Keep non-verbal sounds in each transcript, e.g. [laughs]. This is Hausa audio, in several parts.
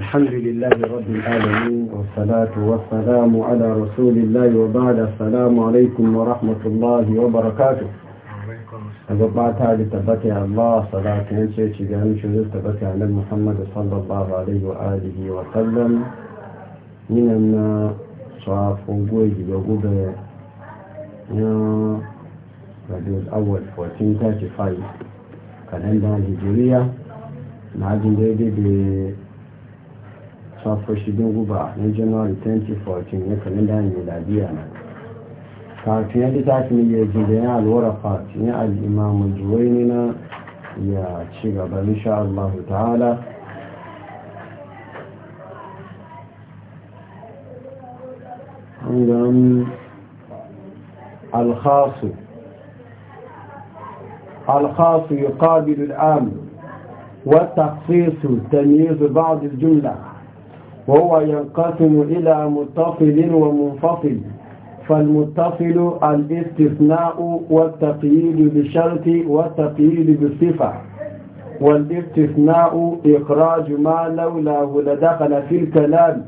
الحمد لله رب العالمين والصلاة والسلام على رسول الله وبعد السلام عليكم ورحمة الله وبركاته وبعد هذه تبكي الله صلاة نشيش جامع شنو تبكي على محمد صلى الله عليه وآله وسلم من أن صاف وجوج وجوب يا رجل الأول 1435 كالندا الهجرية معجن ديدي safar shigin guba na january 2014 na kalendar miladiya na kafin yadda ta fi ya ji da ya alwara fati ya al'imamu juwaini na ya ci gaba insha Allah ta'ala عندهم الخاص الخاص يقابل العام والتخصيص تمييز بعض الجمله وهو ينقسم إلى متصل ومنفصل فالمتصل الاستثناء والتقييد بالشرط والتقييد بالصفة والاستثناء إخراج ما لولاه لدخل في الكلام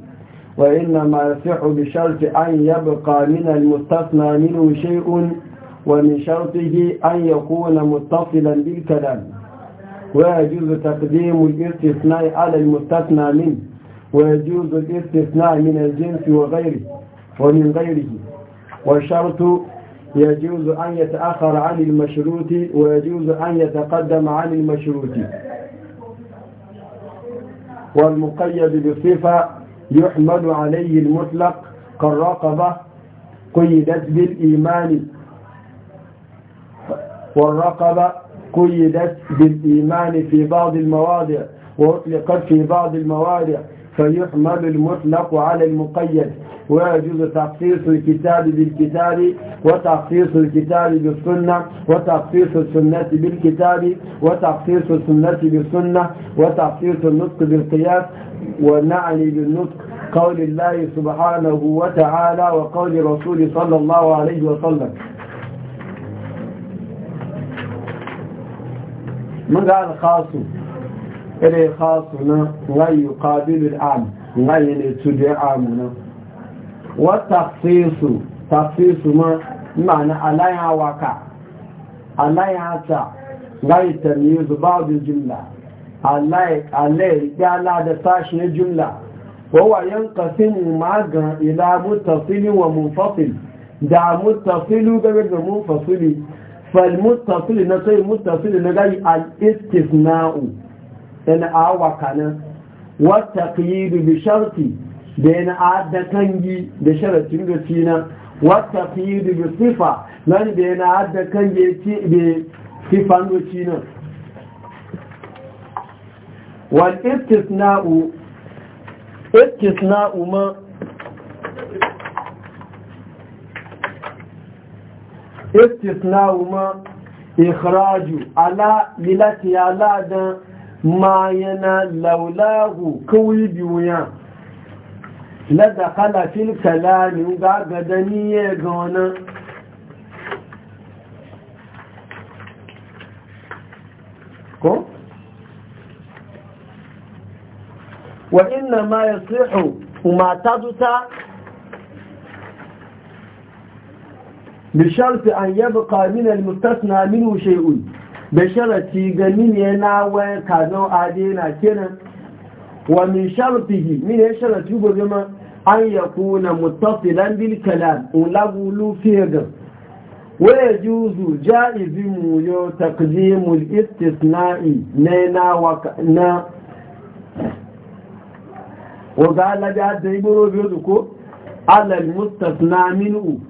وإنما يصح بشرط أن يبقى من المستثنى منه شيء ومن شرطه أن يكون متصلا بالكلام ويجوز تقديم الاستثناء على المستثنى منه ويجوز الاستثناء من الجنس وغيره ومن غيره والشرط يجوز أن يتأخر عن المشروط ويجوز أن يتقدم عن المشروط والمقيد بالصفة يحمل عليه المطلق كالرقبة قيدت بالإيمان والرقبة قيدت بالإيمان في بعض المواضع وأطلقت في بعض المواضع فيحمل المطلق على المقيد ويجوز تخصيص الكتاب بالكتاب وتخصيص الكتاب بالسنة وتخصيص السنة بالكتاب وتخصيص السنة بالسنة وتخصيص النطق بالقياس ونعني بالنطق قول الله سبحانه وتعالى وقول رسول صلى الله عليه وسلم من قال خاصه ere khasu na nga yuqabilu al-am nga yene tudi amu na wa tafsisu tafsisu ma ma'ana alaya waka alaya ta nga yutamyizu ba'd al-jumla alai alai ya la tashi ne jumla wa yanqasimu magan ila muttasil wa munfasil da muttasilu da munfasili fal muttasil na sai muttasil na gai al-istisna'u yana awa kanan wata ƙiyidu bi sharti da yana adda kangi da sharatin da cina wata ƙiyidu bi sifa nan da yana adda kangi da sifan da cina wal istisna'u istisna'u ma istisna'u ma ikhraju ala milati ala dan ma yana laulahu kawai biyu lada kala fil kalami ga ni ga wani ko? wa inna ma ya tsihu ta zuta an yabka min al-mustasna minhu da sharati ga mine na wayar a dina kenan wa min sharatihi mine sharati ba zama an ya kuna mutafilan bil kalam ulagulu fiyaga wa yajuzu jaizi mu yo taqdimul istisna'i na na wa na wa ga la da dai buru biyo ko alal mustasna minhu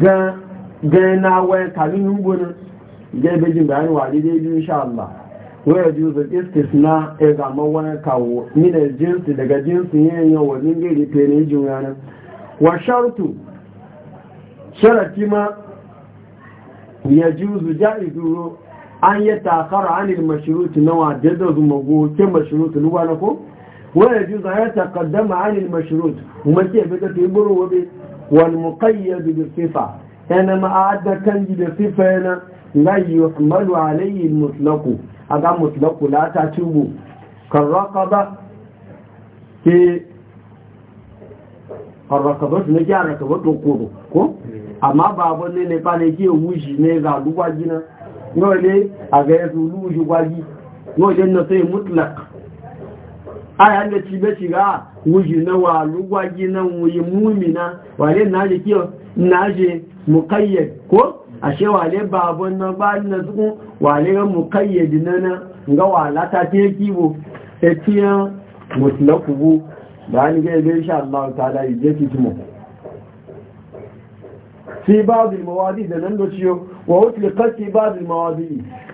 ga ga na wa kalin gona Gaibajin bejin bayan wari dai biyu sha Allah waya juzul na ya zama wani kawo minar jinsi daga jinsi yin yau wajen gari fere juna nan wa shartu sharati ma ya juzu iduro an yi takara ilma mashiruti na wajen zuma goke mashiruti luwa na ko waya juzu ya takaddama anil mashiruti kuma ke bi ta fi buru wabe wani muqayyad bi sifa yana ma'adda kan da sifa yana la yuhmalu alayhi mutlaqu aga mutlaqu la ta tubu karraqaba ke karraqaba ne ya rakaba to ko ko amma ba wani ne ba ne ke wuji ne ga duwa gina no le aga ya zulu ji gwaji no je na sai mutlaq aya ne ci be ci ga wuji na wa lugwaji na wuyi mumina wale na je kiyo na je muqayyad ko ashe wale babon na bani na suku wale ga mu kayyadi nan na ga wala ta ce kibo ta ciyan mutlaku bu da ni ga ibe insha Allah ta'ala yi je fitimo fi ba'd al-mawadi da nan dociyo wa utliqat fi ba'd al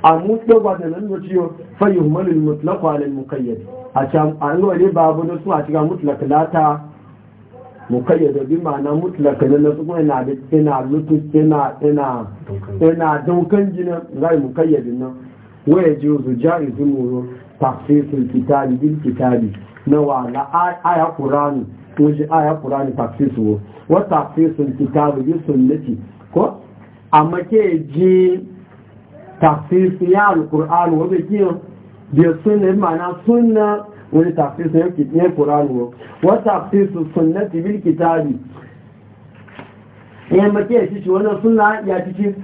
a amu dogo da nan dociyo fa yuhmal al-mutlaq ala al-muqayyad a can an wale babu da su a cikin mutlaq lata mukayyada bi ma'ana mutlaka na nasu kuma ina ina lutus ina ina ina daukan jina zai mukayyadin nan waya ji su jari su muro tafsirin kitabi bil kitabi na wa na aya qur'ani ko ji aya qur'ani tafsiru wa tafsirin kitabi bi sunnati ko amma ke ji tafsir ya alquran wa bi kiyo bi sunna ma'ana sunna wani tafsirin yake ɗaya ƙuranu wani tafsirin sunnati bil kitabi ya mace ya ci wannan sunna ya ci ci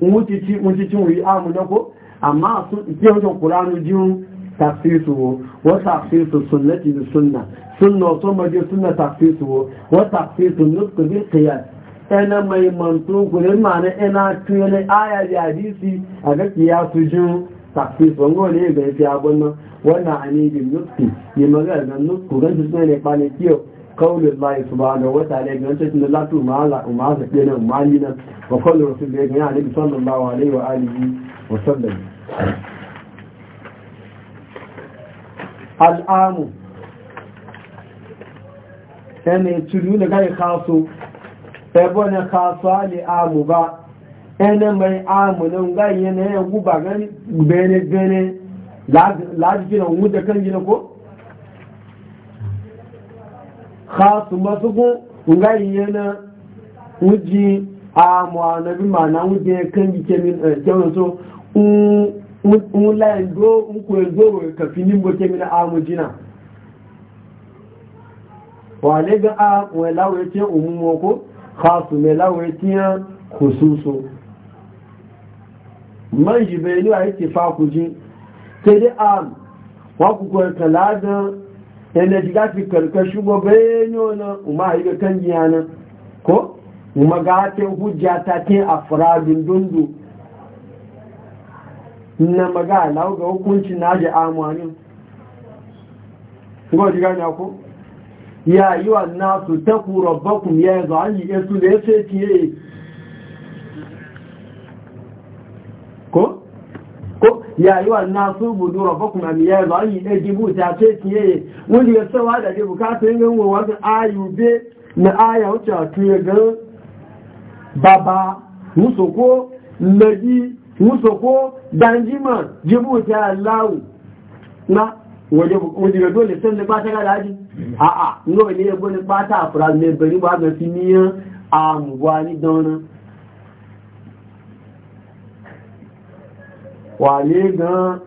mutici mutici wuri amu na ko amma sun ke wajen ƙuranu jin tafsirin Wani tafsirin sunnati bil sunna sunna wasu maje sunna tafsirin Wani tafsirin nutsu bil qiyas ina mai mantu gurin ma'ana ina tuyele aya da hadisi a ga kiyasu jin takfifin ne ga yafi fi abunan wannan anibin nufi ne magana ga nutsu gan su suna ne kwanaki yau kawulin layi su ba da wata ne ga su suna latu ma'ala umaru ɗaya na umarni na wa kwallon wasu da ya gani a nabi sallallahu alaihi wa alihi wa sallam al'amu yana turu da gari kaso ya ne kaso amu ba ẹnẹ mẹ àmùnà ńgá ìyẹn na ẹ̀yẹn gúbà gẹ́nẹ́ gẹ́nẹ́ láti na òun dẹ̀kẹ́ jìnà kó ṣàtùmọ́sùgbọ́n ńgá ìyẹn na ń jí àmù ànàbí mà náà ń jẹ kẹ́ǹgì jẹun tó ń láì gbó ń kò ẹgbó kàfí ní gbó kẹ́mi na àmù jìnà wà lẹ́gbẹ̀ẹ́ àmù ẹ̀láwẹ̀ tí òun mọ́ kó ṣàtùmẹ̀láwẹ̀ tí kò sóso man shi bai yi a yake ku ji sai dai am waku kuwa talada yana shiga fi karkashi ba bai yana umar yi ga kan jiyana ko kuma ga ta hujja ta ke a faradun dundu na maga alau ga hukunci na ji amwani ko diga gani ko ya yi wa nasu taku rabbakum ya yi zuwa an yi su da ya ce ciye ya yi wannan su budu rafa kuma miya ba yi ɗaya gibu ta ce tiye wani ya sawa da ke bukatun yin wa wasu ayube na aya wuce a tuye gan baba musoko lagi musoko danjima gibu ta lawu na waje ga dole sun da bata ga daji a'a nuna ne ya gwani bata a furar mai bari ba ga fi niyan a mugwani daunan waye ga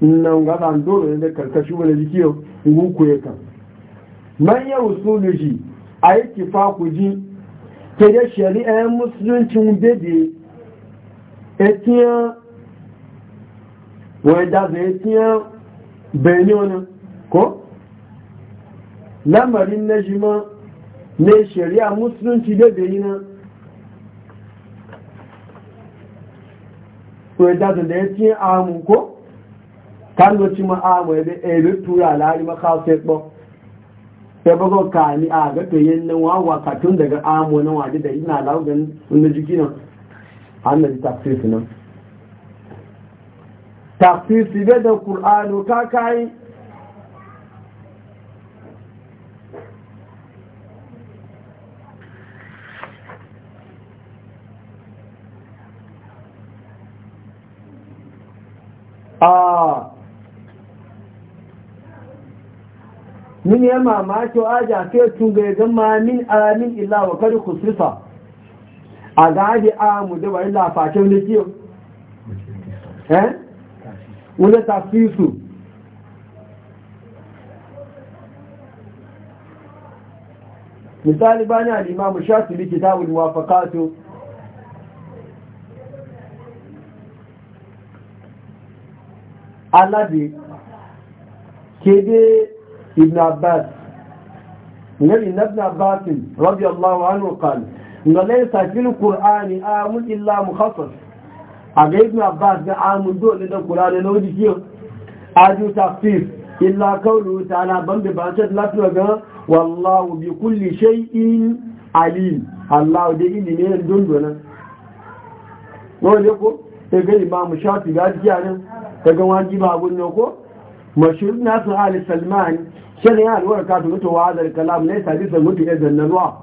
nan ga dan dole ne karkashi wani jiki ku ya kan man ya usulu shi a yi kifa ku ji ta da shari'ar musuluncin bebe etiyan wai da zai etiyan benin ko lamarin na jima ne shari'a musulunci da na. ko da da ya ci amun ko kan go ma amu ebe ebe tura lari maka sai ko sai bago ka ni a ga to yin nan wawa katun daga amu nan waje da ina lawo gan jiki nan annabi tafsir nan tafsir sibe da qur'anu ka kai a ah. min ya mamaki wa aja ke tunga ga mamin alamin illa wa kar khususa a gaji a mu da wani lafacin da kiyo eh wala tafsisu misali bani al-imam shafi bi kitabul wafakatu. Alade, kéde ibn abbas nabi ibn abbas radiyallahu anhu qala inna laysa fil qur'ani amun illa mukhassas aga ibn abbas ga amun dole da qur'ani na wuji kiyo aju tafsir illa qawlu ta'ala ban da ba ta lafiya wallahu bi kulli shay'in alim allah da ilimi ne dundona wani ko ta ga imam shafi ga jiya nan kaga wajiba abun ne ko mashhur na su ali salman shari'a alwar ka su mutu wazar kalam ne sabi da mutu ya zannarwa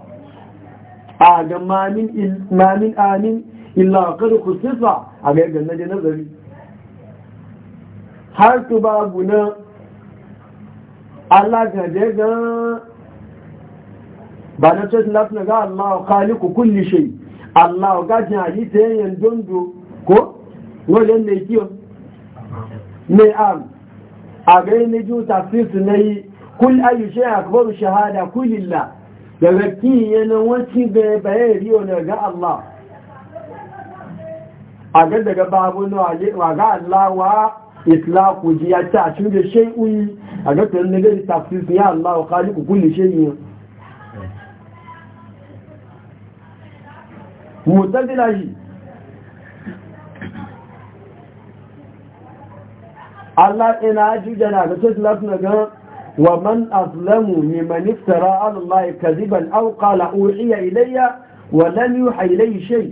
a ga mamin mamin amin illa qad khusisa a ga ganna da nazari har tu babu na Allah ga ga ba na lafi na ga Allah ku kulli shi. Allah ga jin ta yan dondo ko wannan ne kiyo Ni'am a gani na ji na yi kul ayu shi akbaru shahada kulillah daga kiyana wacce bai bayan riyo ga Allah a daga babu na ga Allah wa islaku ji ya ta shi da shai'uyi a ga tunan na gari tafsirsu ya Allah wa khaliku kulli shai'uyi mutazila shi Allah ina juja na ga tattalaf na ga wa man azlamu mimman iftara Allah kaziban aw qala uhiya ilayya wa lam yuha ilayhi shay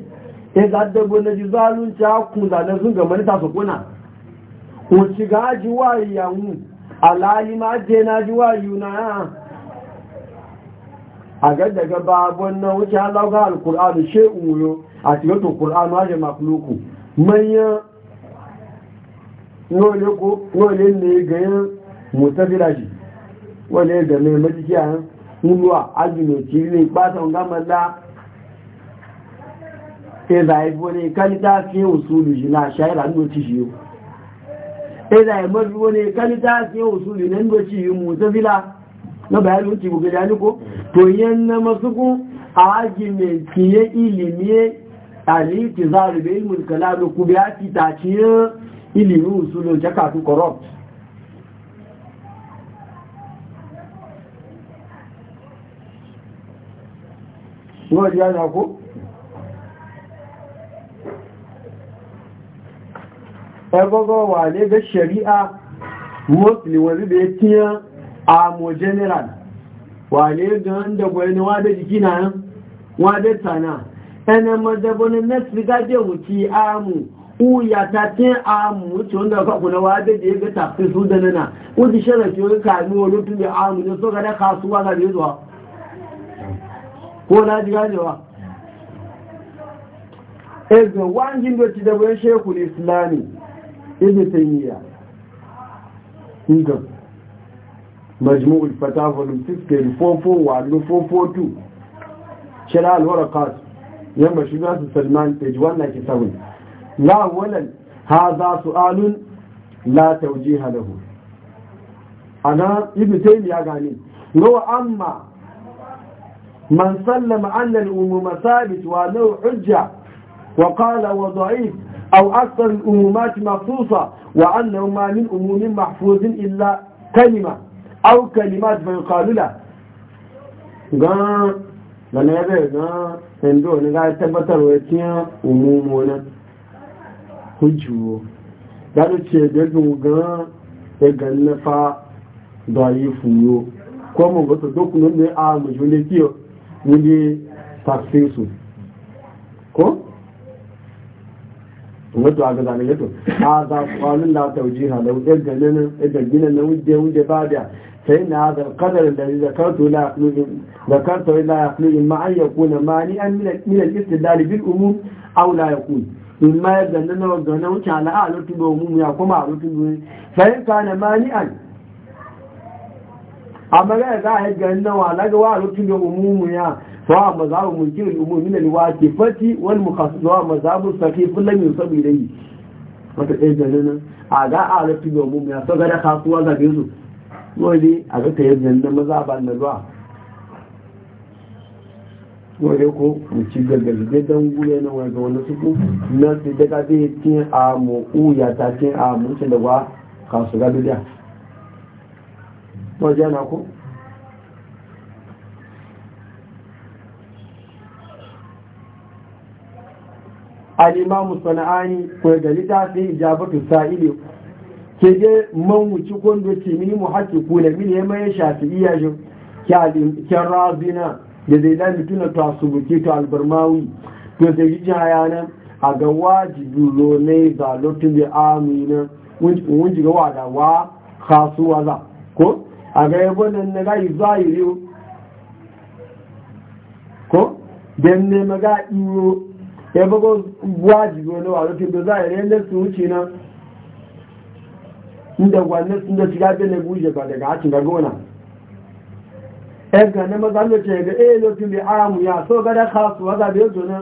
idan e da na ji ta ku zalan sun ga manita ta kuna ku ci gaji wa mu alali ma je na ji wa yuna a ga daga babon nan wuce Allah ga alqur'an shay'un yo a cikin to qur'an ma je makluku manya nole ko ne gayan mutazila shi wale da mai majiki e a yan nuluwa ajino ciri pata ngama da eza ibo ne kalita fi usulu shi na shaira ndo ci shi eza ibo ibo ne kalita fi usulu na ndo ci yi mutazila na bayan luci bugu da ko to yan na a argument ki ilimi a alitizaru bil mulkalam ku biya ci ta ciye ilimin usulu jaka su corrupt wọ́n yá yà kó ẹgbọ́gọ́ wà ní ẹgbẹ́ ṣẹ̀ríà mọ́sílì Wa ríbe a general gan dẹ̀gbọ̀ ẹni wa adé jikina náà wọ́n adé tànà ẹnà mọ́ dẹ̀gbọ̀ ní mẹ́sìlì gájẹ̀ wù ti uya ta tin a to da ka kuna wa da je ga tafi su da nana uji sharafi wani kami wa lutu da amu ne so ka da kasuwa ga da ko na ji ganewa ega wangin da ci da bayan shekul islami ibn taymiya inda majmu'ul fatawa volume 6 441 442 shara al-waraqat yamma shiga su salman page 197 لا أولا هذا سؤال لا توجيه له أنا ابن تيمية قالين لو أما من سلم أن الأموم ثابت وأنه حجة وقال وضعيف أو أكثر الأمومات مخصوصة وأنه ما من أموم محفوظ إلا كلمة أو كلمات فيقال له قال لأنه يبقى قال عندو نقال تبتر ويتيا أمومنا hujjuwo da ce da gan ya ganna da yi fuyo ko mun goto dokunan ne a mujule kiyo muje su ko wato a gaza ne yato a za su kwanin da taujiha da wujen ganin na wujen wujen ba da sai na da kadar da zakartu la yaqlubin zakartu la yaqlubin ma an yakuna mani an min al-istidlal bil umum aw la yakun in ma ya zanna na gana wuce ala'a a lotun domin mu ya kuma a lotun domin sai ka na mani'an amma ya za a yi ganin na wala ga wa lotun domin mu ya wa mazabu mulkin ne na liwati fati wani wal mukhassis wa mazabu saqifun lam yusabu yi? wata ɗaya ganin nan a ga a lotun domin mu ya so ga da kasuwa ga su wani a ga ta yi e zanna maza ban da ruwa wọ́n yóò kó ìtì gbẹ̀gbẹ̀ gbẹ̀dán wúlẹ̀ náà wọ́n gbọ́n lọ síkú náà ti dẹ́ka bí kí àmọ̀ òòyàtà kí àmọ̀ ṣe lọ́wọ́ kàṣọ́gá lórí à wọ́n jẹ́ alimamu sana'ani da man ce mini mu haƙƙi kula mini ya maye shafi iya shi kyan razina da zai lami tuna to ta to albarmawi to zai yi hayanan a ga wajibi rone za lotun da amina wunji ga wada wa kasuwa za ko a ga yabo nan na gayi zahiri ko dan nema maga iyo ya go wajibi rone wa lotun da zahiri ne su wuce nan inda wannan sun da shiga da ne buje ba daga hakin ga gona ẹgbẹ̀ ní mọ́sánlò ṣe ẹgbẹ̀ èèlò tí lè ààmù yà tó gẹ́dẹ́ kàásù wọ́n tàbí òjò náà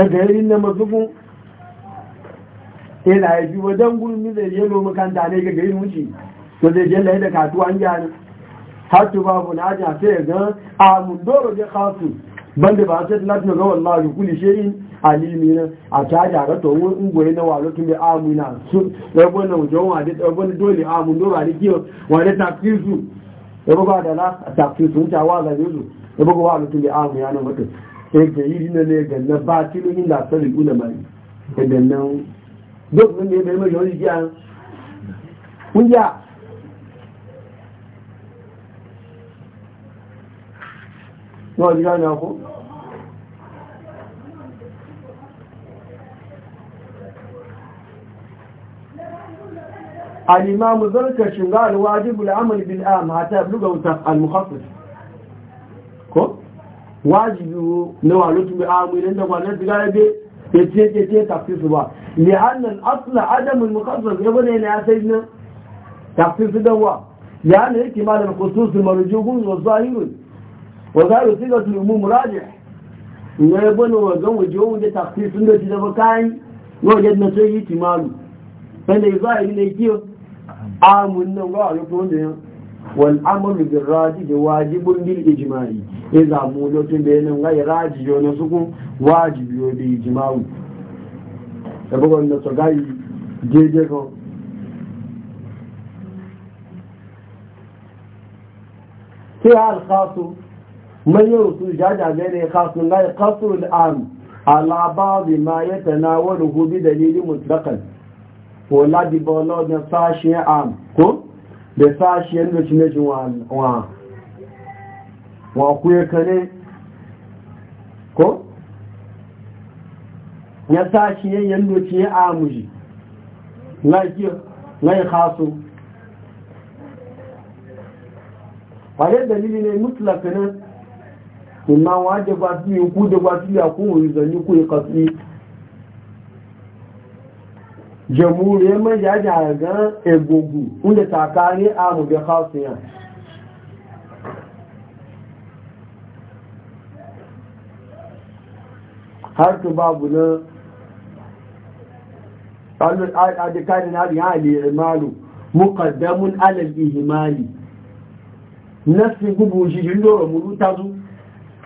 ẹgbẹ̀ rí ní mọ́ túnkún ìlà ìjú wajen gúrùn ní zai yẹ́lò makanta ne gẹ́gẹ́ yin wuce to zai jẹ́ lẹ́yìn da katuwa ń gyara har tu babu ajiya ya ah, bande ba sai lafiya ga wallahi kulli shay'in alimi na a ta ga to un goyi na walo tun bi amina su da gona wajen wa da gona dole amu do ba dikiyo wa da takfisu da ba da la takfisu ta wa ga yuzu da ba wa tun bi amu ya na wato sai ga ne ga na ba tilu inda sai da bai mai Yọ́ jí láàrin akó. Al’imamu zarka shi ga al’wajibu la’amali bin a mata buga wuta al-mukhafis. Ko? Wajibu na walutu bi a mulin da kwanar su gara be, ya ce ce ce tafi su ba. Li annan asla adamun mukhafis ya bane na ya sai nan tafi su don wa. Ya ne yake malar kusursu marujugun zuwa wazaru siga su mu muraje ne bano wa gan wajo mu da taksi sun da da bakai ne wajen na sai yi timalu dan da yaza ne kiyo amun nan ga ya to ne wal amalu bil raji da wajibun bil ijmai e za mu da tun da nan ga raji yo ne suku wajibi yo bi ijmai da bugon da so gai jeje ko sai al khasu manyan su jajaje ne kasu na kasu al'am ala ba'd ma hu bi dalilin mutlaqan wala bi bolo da sashi am ko da sashi da shi ne wa wa ku ya kane ko ya sashi yan da ci amuji na ya na kasu wa dalilin dalili ne mutlaqan ìmá wọn á jẹba ku ikú jẹba sí àkún òrìṣà ní kú ikọ̀ sí jẹmú rẹ mẹ́jà jà gan egbògbò ń lè tàkà ní àrùn bẹ káàkiri har ta babu na adikanin harin hali imalu mukaddamun alal ihimali nasi gubu shi jindoro muru ta zuwa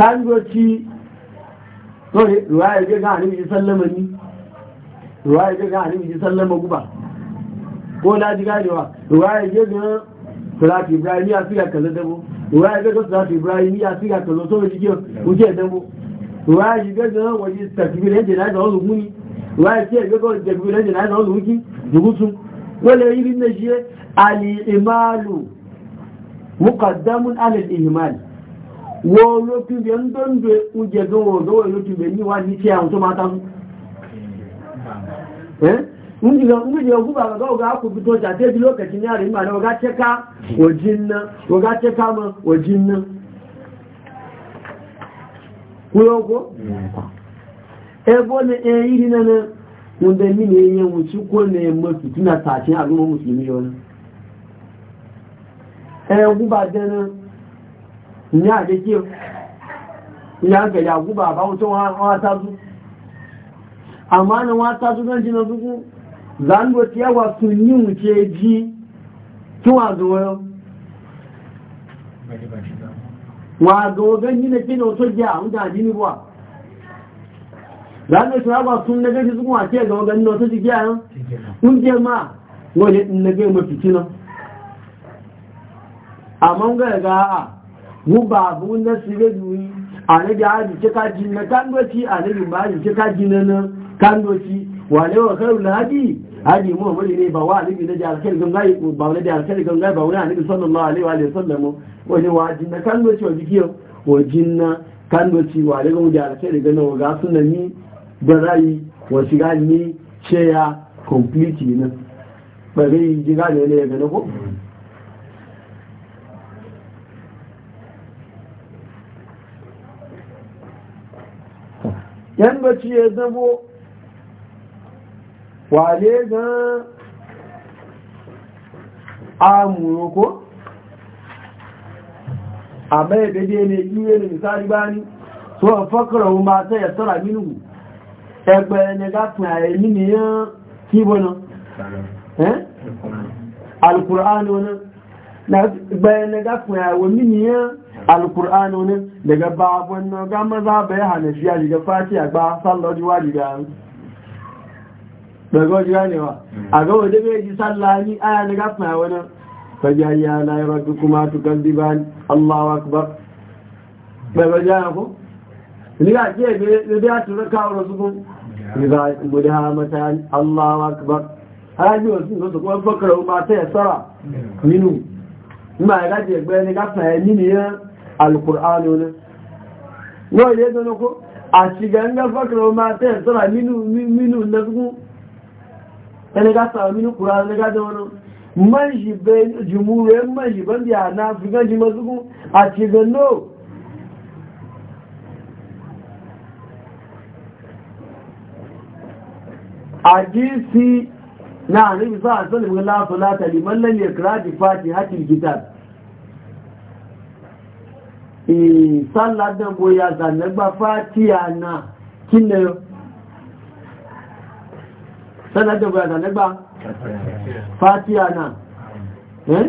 kangoci sorry ruwaya ga ga annabi sallama ni ruwaya ga ga annabi sallama guba ko na ji ganewa ruwaya ga ga salatu ibrahim ya fiya kaza dabo ruwaya ga ga salatu ibrahim ya fiya kaza to ji ke uje dabo ruwaya ga ga waje takbir yadda na ga wasu muni ruwaya ce ga ga takbir yadda na ga wasu muki dubusu wala yi bin najiye al-imalu muqaddamun ala al-ihmal wọ́n ló tún bẹ ń tó ń bẹ oúnjẹ tó wọ́n lọ́wọ́ ló tún bẹ níwájú tí àwọn tó máa tán ń jìlọ ń jìlọ ọgbọ́n bàbá bá ọgá kùbí tó jà débi lókèjì ní àrí ìmọ̀ ọgá tẹ́ká òjì ńná ọgá na. mọ́ òjì ńná kúrọ́kó ẹbọ́ ni ẹ̀yí rí nánà ń bẹ nínú ẹyẹ wọn tí kò ní ẹmọ́ fìtínà tààtí àgbọ́n mùsùlùmí yọ ba bá na. ìyá àjẹjì ìyá àgẹ̀lẹ̀ àgúbà àbáwọn tó wọ́n tájú àmá ni wọ́n tájú náà jí lọ́dúnkú zango tí ẹwà tún ní ìwùnṣe jí tí wọ́n àdúwọ́ wọ́n àdúwọ́ gẹ́ nílẹ̀ tí ní ọ̀tọ́ jẹ́ àwọn dáadí ń mu babu na sire duyi a na da hajji kika na kandoci a na ba hajji kika jinna na kandoci wale wa karu na hajji hajji mu wani ne ba wa alibi na jihar kai gangai ba wani jihar kai gangai ba wani alibi sallallahu alaihi wa sallam wani wa na kandoci wa jikiyo wa jinna kandoci wa alibi mu jihar kai gangai wa ga sunani da rayi wa shiga ni ce ya complete ne ba zai yi jiga ne ne ya gane ko yan bacci ya zabo wale gan amuro ko amma ya gade ne iwe ne misali bani so a fakara wọn ba ta yasara minu ẹgbẹ ne gafin a yi niyan kibo nan eh? alkur'ani wani na ẹgbẹ ne gafin a yi niyan alkur'ani ne daga babon na ga maza bai hana shi ya shiga fati a ba sallar juwa diga daga wajen ganewa a ga wajen bai ji sallah ni aya na gafa ya wani fajayya na yi rabu kuma tukan diban allahu akbar bai bajaya ko ni ga ke bai ya tura kawo rasu kun mudahamatan allahu akbar hajji wasu wasu kuma bakar ma ta yasara minu ma ya gaji gbaya ni gafa ya nini yan alkur'ani ne wọ́n ilé tó ní kó àṣìgà fọ́kìrọ̀ máa tẹ́ sọ́rọ̀ mínú lẹ́gbùn ẹnigá sàrọ̀ mínú kùrá ẹnigá jẹun mẹ́jìbẹ̀ jùmú rẹ̀ mẹ́jìbẹ̀ bí àná fìgán jí mọ́sùgún àṣìgà náà náà ìsáládán bóyá zànẹ́gbà fàtíà náà kí ni sáládán bóyá zànẹ́gbà fàtíà náà ẹ́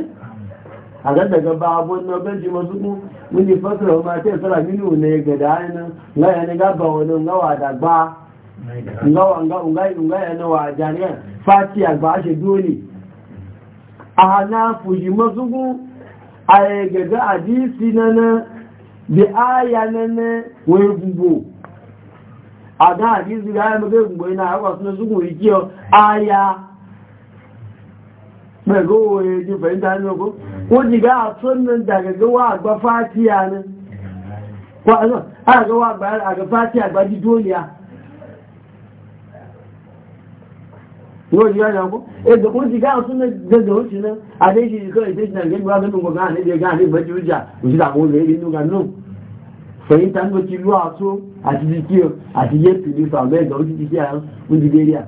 àgádàgà bá abọ́nà ọbẹ́jì mọ́súnkú wíní fọ́sílẹ̀ ọmọ àti ẹ̀sọ́lá nínú ní gẹ̀dà ẹ̀nà láyẹni gábà ọ̀nà náà dị aya nene wee gbugbo ada adi zuru aya mebe gbugbo ina agwa ndị zugun iki o aya pẹ̀lú oye ju fẹ̀yìntà ní ọkọ́ wọ́n ti gá àtúnnà dàgẹ́gẹ́wà àgbà ya ní àgẹ́wà àgbà fàtíyà àgbà jí dóòlìyà wọ́n ti gá ní ọkọ́ ẹgbẹ̀ wọ́n ti gá àtúnnà gẹ́gẹ́ òṣìná adé ìṣìṣẹ́ ìṣẹ́ ìṣẹ́ ìṣẹ́ ìṣẹ́ ìṣẹ́ ìṣẹ́ ìṣẹ́ ìṣẹ́ fẹ̀yìn tá ló ti lú àtó àti ti kí o àti yé pìlú fàbẹ́ ẹ̀dọ̀ ó ti ti kí àrùn ó ti dé rí à.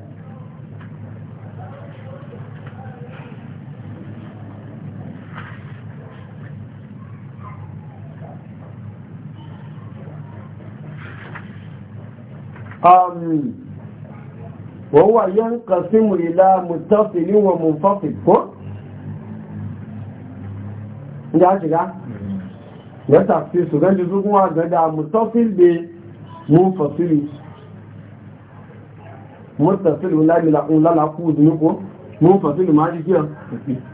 wọ́n wà yẹn kàsímù ìlà mùtọ́fì níwọ̀n mùfọ́fì kó. Ǹjẹ́ àṣìká? ya tafi su ganji zuwa ga da mu be mun fasili mutafil wala mila ulala ku zuni ko mun fasili ma jikiya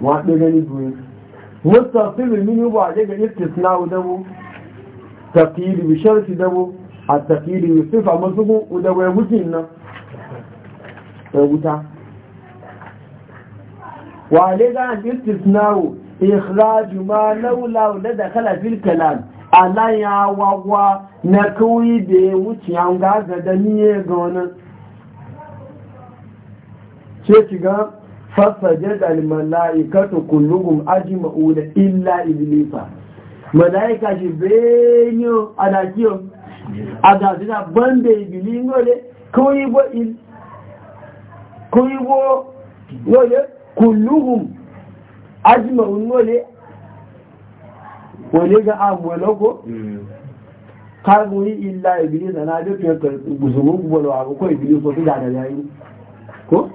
wa ɗe gani duni mutafil min ba je ga istisna udabu taqili bi sharti dabu a taqili bi sifa mazugu udabu ya mutin nan ya wuta wa le ga istisna udabu إخراج ما لولا لدخل في الكلام ألا يا ووا نكوي دي وتيان غازا دنيه غونا شيكا فسجد الملائكة كلهم أجمعون إلا إبليس ملائكة جبينيو على كيو أدازنا بند إبليس كوي بو إل كوي بو كلهم ajima wole wole ga agboloko hmm. kaguri illa iblis na da ke guzumun bolo abu ko iblis ko da da yayi ko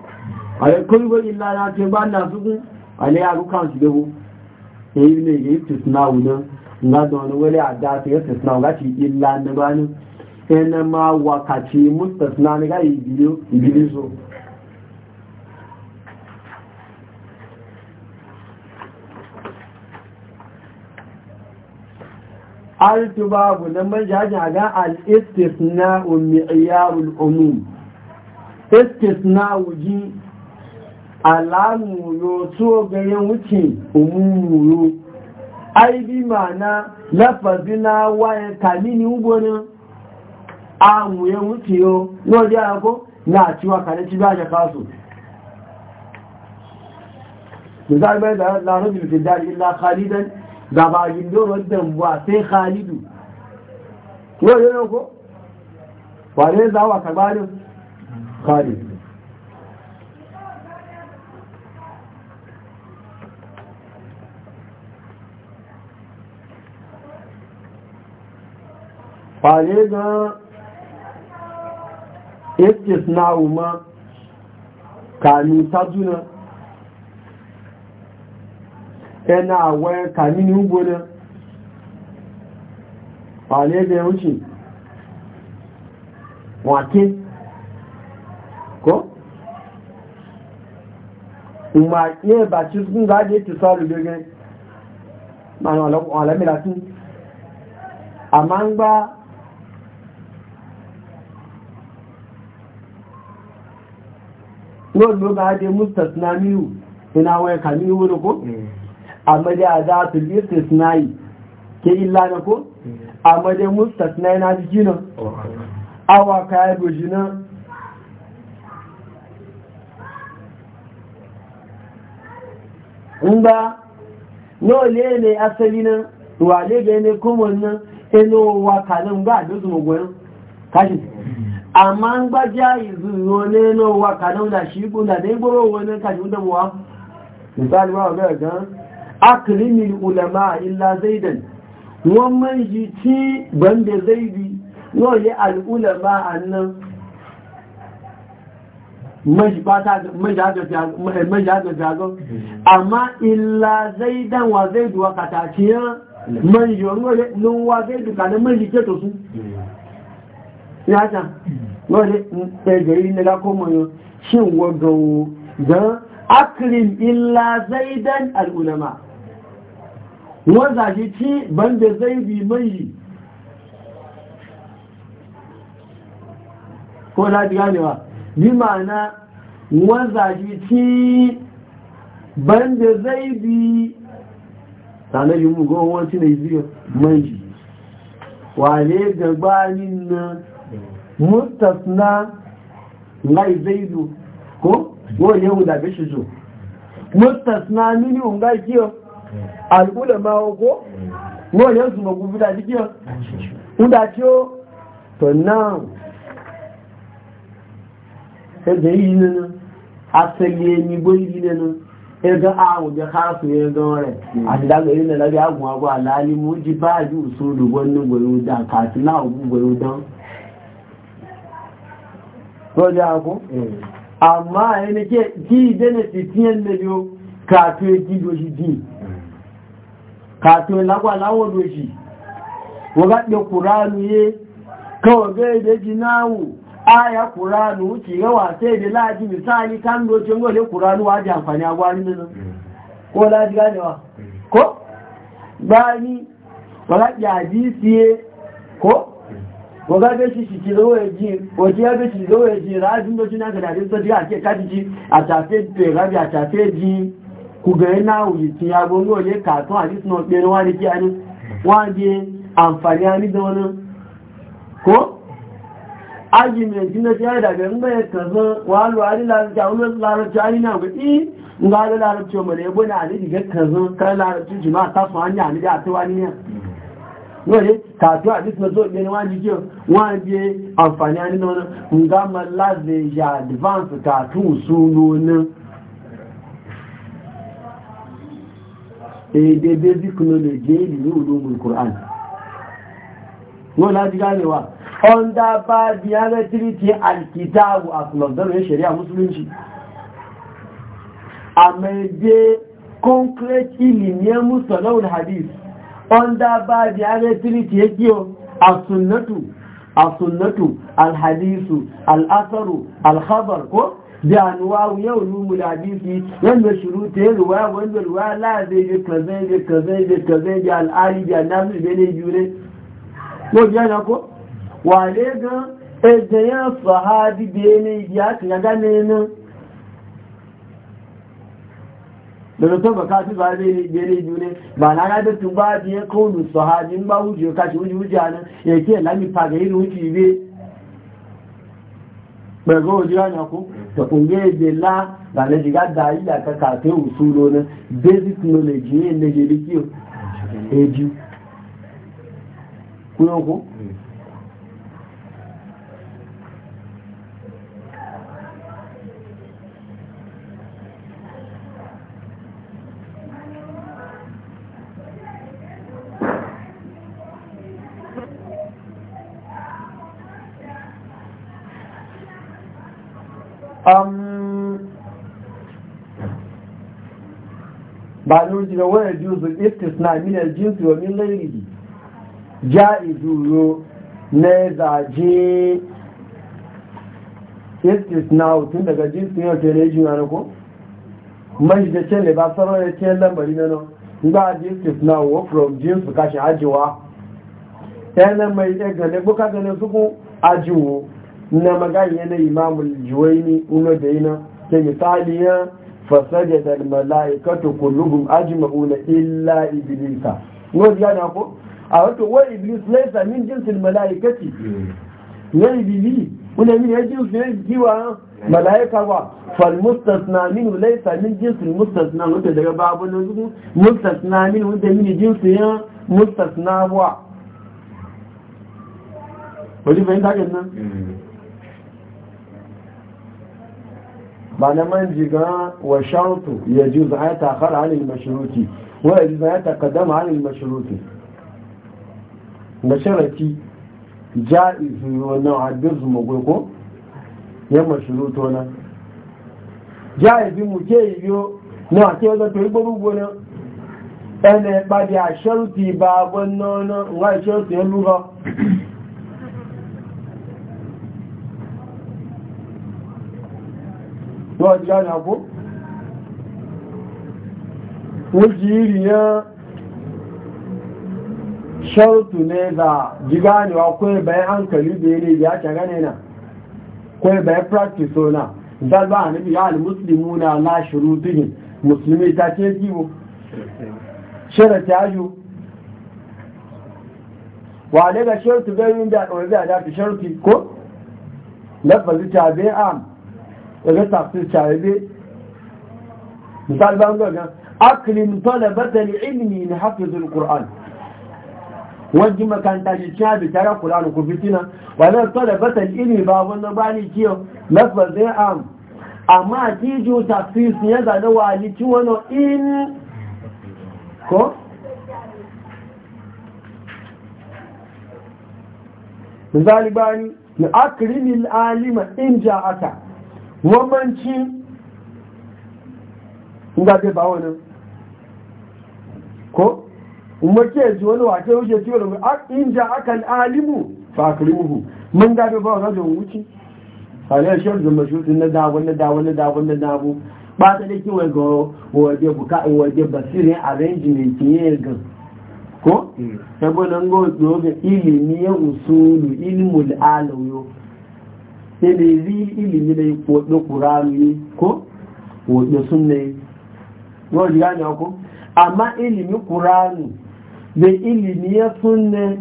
ale kulgo illa na ke ba na su ale ya ru kan debo yayi ne yayi tutna wuna nga don wole ada ta yayi tutna ga ci illa na bani ina ma wakati mustasna ne ga iblis iblis altu babu nan majajin ga al-istisna mi'yarul umum istisna wuji alamu yo to gayen wuce umumu yo ai bi mana lafazina waye kamini ugbona amu ya wuce yo no je ako na ciwa kare ci ba ja kaso misal bai da la rajul fi dar khalidan gabayin doron ba sai khalidu yau yau ko wane za wa kabarin khalidu wane ga istisna umar kanu ta juna ẹna àwẹ́ kàmí ní ń gbóná pàálẹ́ ẹgbẹ̀ ń wọ́n ké kọ́ ìmọ̀ àti ẹ̀bà tí ó ń gáàdé ti sọ́ọ̀lù gẹ́gẹ́ àlẹ́mìlá tún a máa ń gbá lóòrùn ló gáàdé ìnáwọ̀ ẹ̀kà ní ìwúrò kó amma da za su bi istisnai ke illa na ko amma da mustasnai na jiki nan awa kaya goji nan in ba nole ne asali nan wale ga ne kuma nan eno wa kanin ba da su magwayin kashi amma n gbajiya izu yone eno wa kanin da shi kun da dai gboro wani kashi da buwa misali ba wa gara gan akrimin ulama illa zaidan wannan shi ci banda zaidi yau yi al'ulama a nan majagajagon amma illa zaidan wa zaidu wa kataciyar manjorin wa zaidu na manji ke to su ya ta wani ɗagari na lakomanyo shin wagawo don akirin illa zaidan al'ulama wanda ke ci banda zai bi mai ko na ji ganewa bi ma'ana wanda ke ci banda zai bi sanar yi mugon wancin da izi mai wane gabanin na mustas na lai zai ko wani yau da gashi zo mustas na mini ungar kiyo al'ula ma ko wọ́n yẹ́ zùmọ̀ gúgbù dájí kí ọ́n ń dájí ó tọ̀ náà ẹgbẹ̀ yìí nínú asẹ́lẹ̀ ẹnigbó yìí nínú ẹgbẹ́ àwọn jẹ́ káàkiri ẹgbẹ́ rẹ̀ àti dágbẹ̀ yìí nínú lọ́gbẹ̀ àgùn àgọ́ àlàálí mú jí báyìí òṣù olùgbọ́ nínú gbẹ̀rúdán kàtí náà gbẹ̀rúdán rọ́jà àkó àmá ẹni kí ìdẹ́nẹ̀ sí tí ẹ̀ kàtò ìlágbà láwọn òjì wadda bá pẹ kùránù yé kọwọ́gẹ́ èdè jináwò áyà kùránù kì rẹwà tẹ́ èdè láàájí mìsáàlì káńdò tí ó ngọ́ lé kùránù wájí ko agbárí nínú kó láti gánẹwà kó gbáyí wọ́n bá pẹ àjí sí é kó wọ́n bá pẹ ji lówó ẹ̀jì òjì ẹgbẹ́ ṣìṣì ku ga òyì tí agbó ní òye kàtún àti sinà pé wá ní kí a ní wọ́n di àǹfààní anídánná kó ájìmẹ̀tí ní ti àìdàgbẹ̀ ń bẹ̀rẹ̀ kàzán wà lọ arílàrọ̀tí olóòtú àríyàn pé í ń gá lọ́lárọ̀tí ọmọdé ẹgbẹ́ náà àrídìgẹ́ kàzán kárẹ́lárọ̀tí jùmọ́ àtàfún wani àrídà àtíwá níyàn wọ́n yẹ́ tààtù àdísìnà tó gbẹni wani jí jẹ́ wọ́n jẹ́ àǹfààní anínáwọ́n ń gá mọ́ láti yà advance tààtù sún lónìí daidai zikunan da jeli ne ulumul ƙur'an nola ji ganewa onda ba biyana tiriti alkitabu a kulandarin shari'a musulunci a mai je concrete ilimiyar musulun hadis onda ba biyana tiriti ya kiyo a sunnatu a sunnatu alhadisu al'asaru alhabar ko da anuwa yau rumu da hadisi wanda shuruta ya ruwa wanda ruwa la zai je kaza je kaza je kaza je al'ali da nasu da ne jure ko biya na ko wale ga ejayan sahabi da ne ya ka ga ne nan daga to baka su ba zai je ne jure ba na ga da tun ba biya kaunu sahabin ba wuce ka shi wuce wuce nan yake lami fa ga yi wuce be pẹ̀lú orí ọ̀nà kú mm. tọ̀kùnlé èdè láà lálẹ́jìgá dá ilẹ̀ kẹta tí ó sún lónà basic knowledge ní ẹ̀lẹ́jì rí kí o èjú kúrò kú ba ne wuce ga wayar juzul istisna min aljinsi wa min ghairihi ja yo na zaje istisna tun daga jinsi yau ke ne jina na ko mai da ce ne ba sarar da ce lambari na nan ba ji istisna wa from jinsu kashin ajiwa na mai ɗaga ne buka ganin suku ajiwo na magana yana imamul juwaini uno da yana ke misali ya fasaje da mala'ikatu kulluhum ajma'una illa iblisa ngo ya na ko a wato wa iblis laysa min jinsil mala'ikati hmm. ya ibili kuna min ji su ne kiwa mala'ika ba fal mustasna min laysa min jinsil mustasna wato daga babu nan mustasna min wanda min jinsu ya mustasna ba wani bayan dagan nan ba na man jiga wa shartu ya ji za a takar halin mashiruti wa ya ji za a takaddama halin mashiruti na sharati ja'izu wannan hadin su magwai ko yan mashiruto na ja'izu mu ke yi yiwu na ake wajen to yi gbarugo na ɗan ya ɓadi a sharti ba gwanna na wa sharti ya lura zuwa gane ko wajiriya shautu ne za jiganewa kawai bayan hankali da ya ne ya ce gane na kawai bayan practice na zalba a nabi ya al-muslimu na la shurutuhin musulmi ta ce jiwo shirin ta yi wa daga shirtu bayan da ɗaure da ta shirtu ko lafazi ta bai am daga tafsir sharibe misali ba ga akrim talabata ilmi li hafizul qur'an wajen makanta shi cewa bi tare kuranu ku fitina ba zai talabata ilmi ba wannan ba ni kiyo lafazin am amma tiju tafsir ya zane wali ci wani in ko misali ba ni na akrim al'alima in ja'aka wọ́n máa ń jí nígbàgbé bá wọn náà kó umarci yanzu wani wake wuce ciwo da inda alimu fakirimuhu mun gabe ba wani zan wuce sani a shirin zama na na na ba ta ga waje basirin ga hmm. ilimi sai da zi ilimi ne wadda ƙurani ko wadda sun ne yau ji gani ako amma ilimi ƙurani da ilimi ya sun ne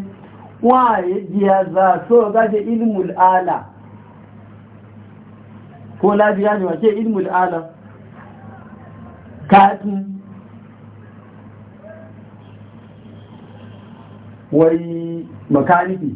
waye jiya za so gaje ilimul ala ko laji gani wace ilimul ala katin wai makaniki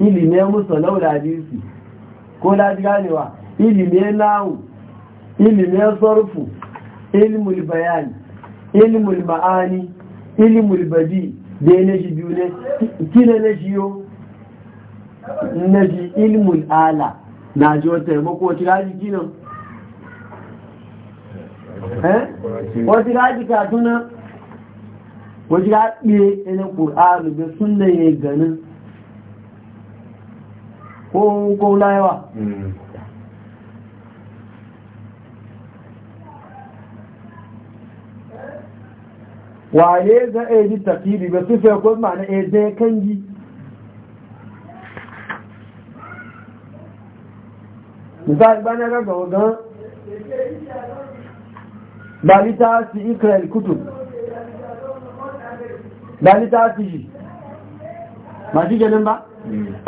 ilimin musulun hadisi ko laji ganewa ilimin lawu ilimin sarfu ilimul bayani ilimul ma'ani ilimul badi da ya nashi biyu ne kina nashi yo nashi ilimul ala na ji wata eh? katuna sunan ganin kó waye za a yi takiri ba su fai ko ma'ana a zai kangi misali ba na gaga wagan balita su ikirel kutu balita su yi ba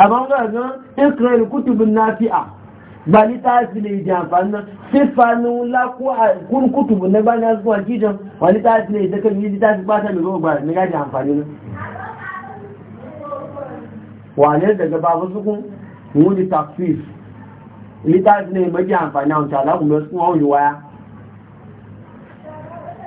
amma ga zan ikrar kutubun nafi'a ba ni ta fi ne ji amfani nan sifanin la ko a kun kutubu na ba na zuwa kijan wani ta fi ne da kan yi ta fi ba ta mai ba na gaji amfani nan wane daga babu sukun wuri tafis ni ta fi ne maji amfani a wancan alaƙumar sukun yi waya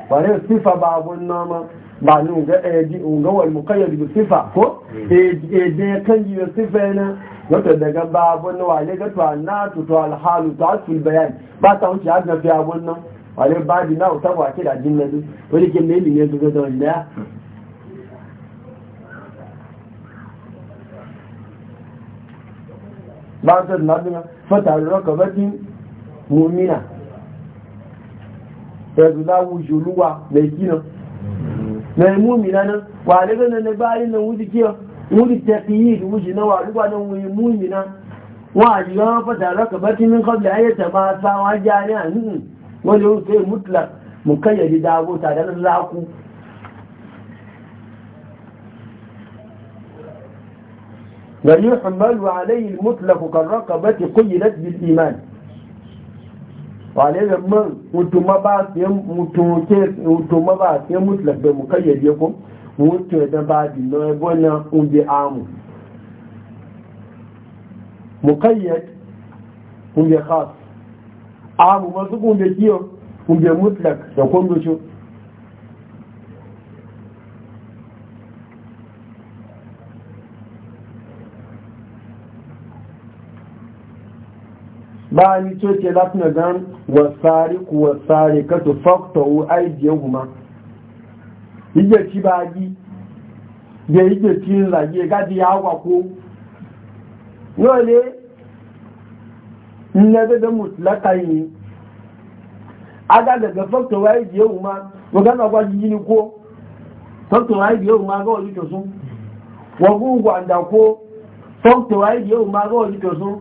Ba wane sifa babun noma ba ni ga eji eh, unga wal muqayyad bi sifa ko e eji kan ji da sifa na wato daga babun wale ga to na to to al halu ta asul bayan ba ta wuce har da fiya wannan wale ba di na ta wa ke da jinnadu wani ke ne ne to da wanda ba ta na dina fata rakabatin mu'mina ya zuwa wujuluwa mai kinan mai mumina nan wa daga nan na bayan nan wuji kiyo wuji taqiyid wuji na wa ruba nan wuji mumina wa jiya fa da raka batin min qabla ayata ma sa wa jani an wani yau sai mutlaq mukayyadi dago ta da laku بل يحمل عليه المطلق كالرقبة قيلت بالإيمان wale da man mutuma ba su yan mutum mutuma ba su yan mutlak da mu kayyade ko mutu da ba di na wani ubi amu mukayyad ubi khas amu ba masu ubi kiyo ubi mutlak da kwamdoci ba ni to ce lati na gan wasari ku wasari ka to fakta u aidiyan kuma yíyẹ tí bá yí ya yíyẹ tí ń ràyè gádi àwà kó yóò lé yi mùsùlẹ́ka yìí agágẹ̀gẹ̀ fakta u aidiyan kuma wọ́gá náà wáyé yí ni kó fakta u aidiyan kuma gọ́ orí tọ̀sún wọ́gún gbàndà kó fakta kuma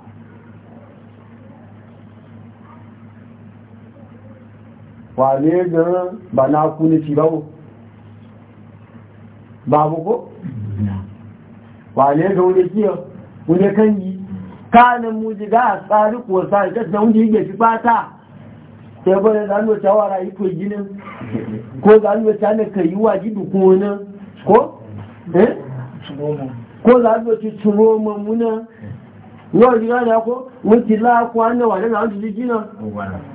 wane gan ba na kuni ci ba babu ko wane ga wani kiyo wani kan yi kanin muji ga a tsari kuwa sa ita na wani yake fi fata sai bane za mu shawara yi ko ginin ko za mu ta ne kai wa gidu ko wani ko eh ko za mu ci tsuro mamuna yau ji gane ko mun ti la kwana wa da na wani jina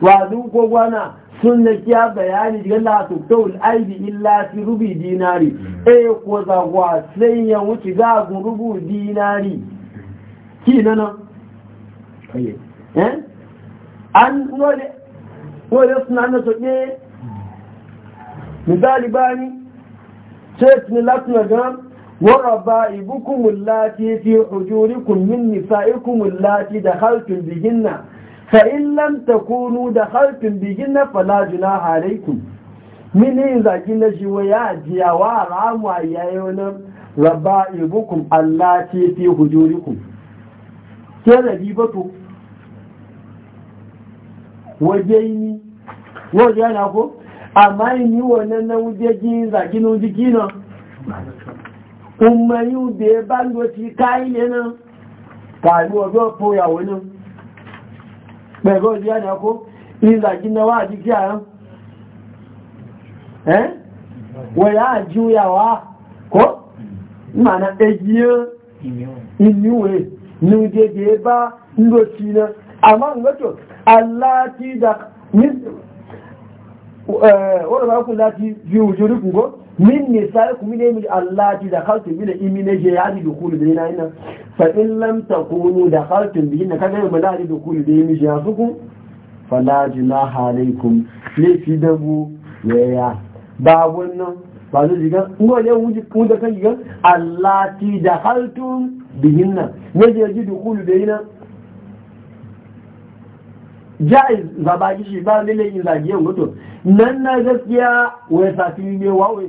wa du ko gwana sun na bayani daga latu taul aibi illa fi rubi dinari hmm. eh ko zagwa sai ya wuce ga rubu dinari ki nana eh an wale wale suna na ne misali bani sai suna latu na gan waraba ibukumul lati fi hujurikum min nisaikumul lati dakhaltum bihinna fa'in lam ta kunu da harfin bigin na falajuna haraiku mini zagi na shi wa ya ajiya wa ramu a yayi wani rabba ibukum Allah ce fi hujuriku. ke rabi bato waje ni waje yana ko amma yi wannan na wuje gini zagi na wuje gina umaru da ya bangoci kayi ne nan kayi wajen foya wani pẹ̀lú ọdí àdá kó ìlàjí àti kí àrán ẹ́ wọ̀yá àjíyàwó kó mana ejiye inuwe ní dédé bá ndòtí na àmá ngọ́tọ̀ aláti dà ní ọ̀rọ̀ min ne, nisaikum ne min da dakhaltum bi imine je ya di dukul bi na ina fa in lam takunu dakhaltum bi inna kaga ba da ji dukul bi mi je asuku fala junaha alaikum ne fi bu yaya ba wannan ba zai jiga ngo ne wuji kun da kan jiga allati dakhaltum bi inna ne je di dukul bi na? jaiz zabagi shi ba lele in zagiyan mutu nan na gaskiya wai safi ne wawai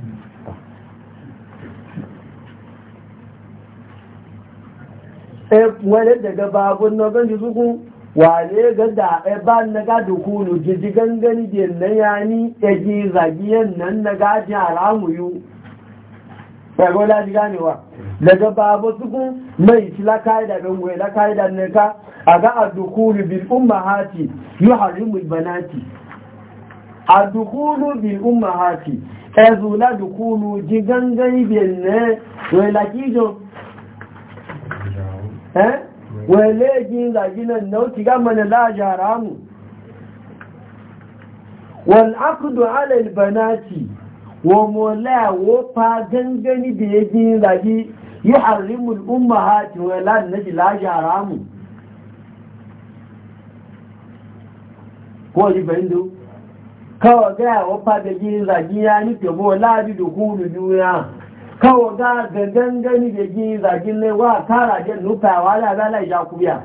E, wani daga babun na gani zuku wale ga da e ba na ga dukulu jiji gangani da na yani ya ji zagiyan nan na gajin haramu yu ɗago laji ganewa daga babu suku mai shi lakai da gangwai lakai da nika a ga a dukulu bil ummahati yu mu banati a dukulu bil ummahati na e dukulu ji gangani da na wai lakijon Eh? wai laifin zagi nan nauti gama na laji haramu wal'akudu alal banati wa mola wofa gangani da ya ji zagi yi harimul umma hati wai laji laji haramu ko ji bayan kawai gaya wofa da ji zagi ya nufi mola bi da kuru duniya kawo ga ga gangani da gi zagin ne wa kara da nufawa da ga ya. jakubiya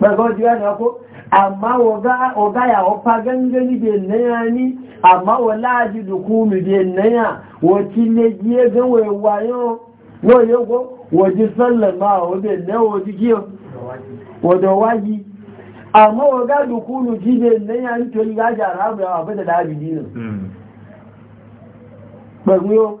ba ga jiya ne ko amma oga oga ya ofa gangani da naya ni amma wala ji dukumi da naya wati ne giye ga wayo wo yo go waji sallama o de ne waji giyo wada waji amma oga dukulu ji da naya ni to ga jara hmm. ba ba da dabi ne ba yo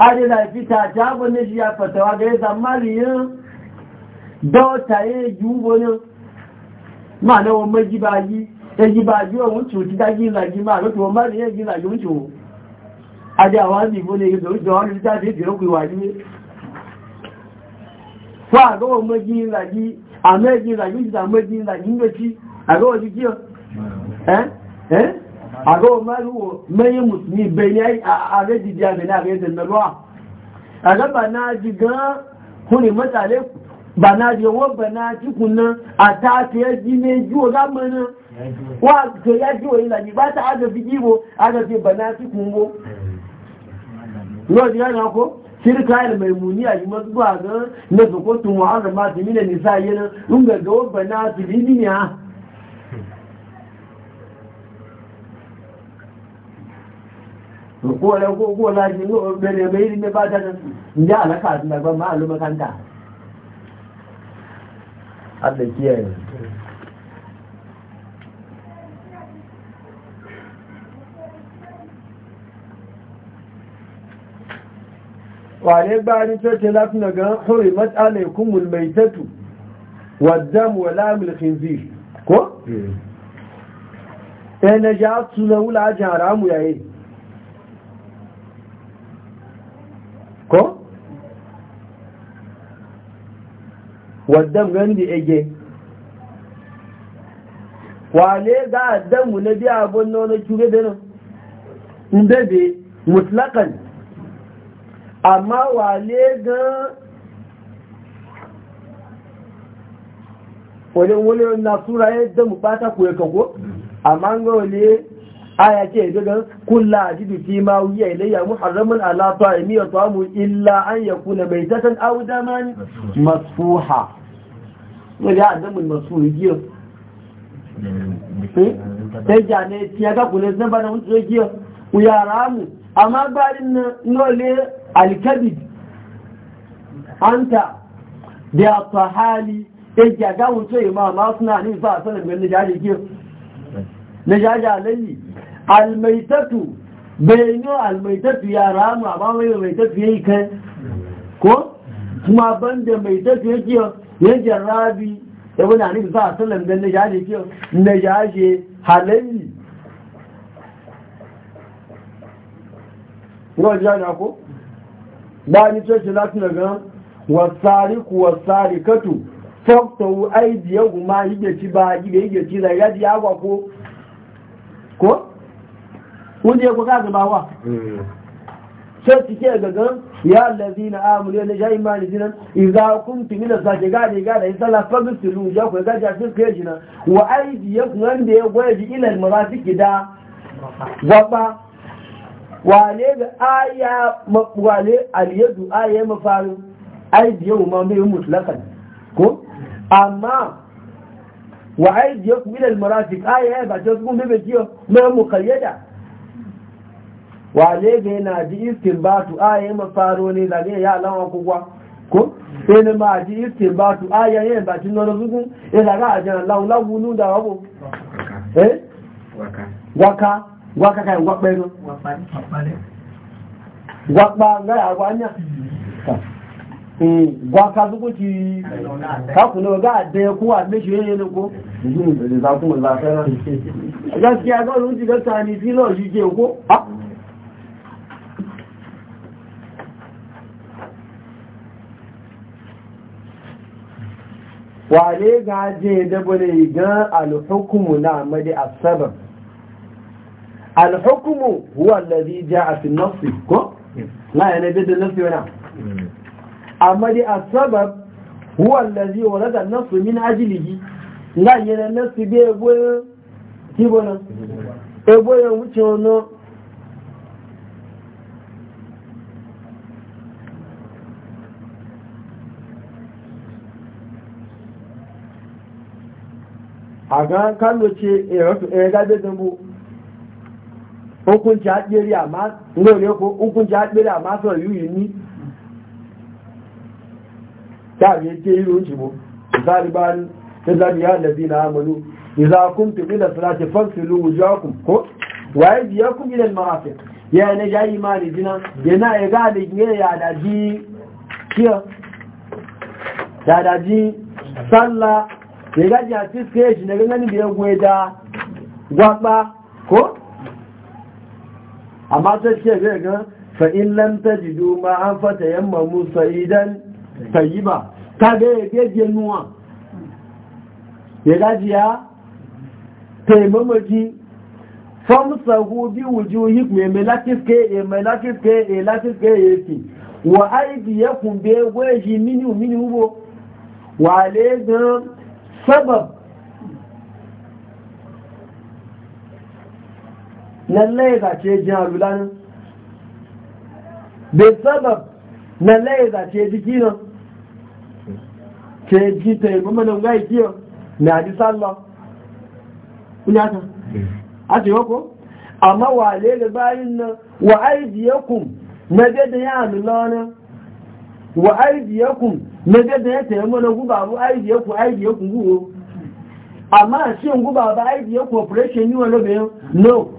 hajji da fita ta ne shi ya fatawa ga ya zammali yin dauta ya yi gwanin ma na wọn magibagi ya gibagi wa wuce ti dagi lagi ma rute wọn mari ya gi yi wuce wo a wani ibo ne gizo wuce wani fita fi jiro kuwa ne fa ga wọn magi lagi a magi lagi da magi lagi ngaci a ga wajen eh eh a ga umaru manyan musulmi bai yayi a rajin ya bai na ga yadda ruwa a ga ba na ji ga kuni matsale ba na ji wa ba na ji kunan a ta ta ya ji ne jiwo ga mana wa to ya jiwo yi lani ba ta aga fi jiwo aga fi ba na ji kungo yau ji yana ko shirka da mai muni a yi masu ba ga na sokotu mu'azama su mina nisa yana in ga ga wa ba na su ne ko la hmm. ko ko la ji no be ni ba ta ja la ka na ba ma lu makanta Allah kiyaye wane bayan coci lafi na gan hori matsalai kumul mai tatu wadam wala milkinzi ko? ɗaya na ja su wula ajiyar ramu yayi. ko wadam gandi ege wale ga adamu na biya abun nono cube da nan inda be mutlakan amma wale ga wajen wani na sura damu bata kuwa kago amma ga wale aya ce daga kulla jidu fi ma wuya ilayya muharramun ala ta'imi wa ta'amu illa an yakuna baitatan aw daman masfuha ne da adamun masfuhi giyo sai ja ne ti ga kula zan bana mun tsoye giyo ku yara mu amma barin nole alkabid anta da tahali sai ja ga wuce ma ma suna ni ba sanin me ne jaje giyo na jaje alayyi almaitatu bai yi almaitatu ya ramu a ba mai maitatu ya yi kai ko kuma ban da maitatu ya kiyo ya ji rabi, ya wani anibu za a sallam don na jaje kiyo na jaje halalli ga jaje ko ba ni coci latin daga wasariku wasarikatu faktawu aidiyahu ma hige ci ba hige hige ci da yadi agwa ko ko wani hmm. ya kuka ga bawa sai cike gagan ya allazi na amuru ya nisha imani zina iza kuntu mina sake gade gada ya tsala fagistinu ya kuwa gaji a fiskiyar jina wa aiki ya kuma da ya gwaya ji ilal marafiki da gaba wale ga aya wale aliyadu aya mafarin aiki ya kuma mai mutlakan ko amma wa aiki ya kuma ilal marafiki aya ya ba ta su kuma mai kiyo mai mukayyada wale ga yana ji istinbatu a yi mafaro ne zage ya alawa kugwa ko yana ma ji istinbatu a yi ba cin nuna zukun ya e, zaga a jan laun da wabo eh waka waka kayan gwakpa ino gwakpa hmm. ga ya gwanya gwaka zukuci kakuna ga da ko gaskiya ga ko ah. wale ga je da bane ga alhukumu na amadi asabar alhukumu huwa allazi jaa fi nafsi ko la yana da nafsi wana amadi asabar huwa allazi walada nafsu min ajlihi la yana nafsi be ebo ti bona ebo ya wuce ono àgán kálò ṣe ẹ̀ẹ́gágbé dánbó okùnjẹ àgbèrè àmá lórí ọkọ̀ okùnjẹ àgbèrè àmá sọ ìlú yìí ní dáàrí ẹjẹ́ ìlú ta ìsáàríbá ya nabi na ko waye biya ku gina mafi ya yi na ya yi ma marafi yẹ́ ya na ya ga da gina ya da ji yẹ́ da da ji sallah. ne gaji a fiske shi na ganin da ya goye da gwaba ko? amma ta ce zai ga fa'in nan ta ma an fata yamma musa idan ta yi ba ta gaya gaya nuwa ya gaji ya taimamaki famsahu bi wujuhik me melakiske e melakiske latiske ya fi wa ya bi gwaji mini-mini bo wa le sabab lallai zace jin alulanin bai sabab lallai zace jiki nan ke ji ta yi kuma nan gai kiyo na ji sallah ina ta a ce wako amma wale da bayan nan wa aidiyakum na gada ya alulanin wa aidiyakun na gada ya taimma na guba bu aidiyakun aidiyakun guwo amma shin guba ba aidiyakun operation ni wani bayan no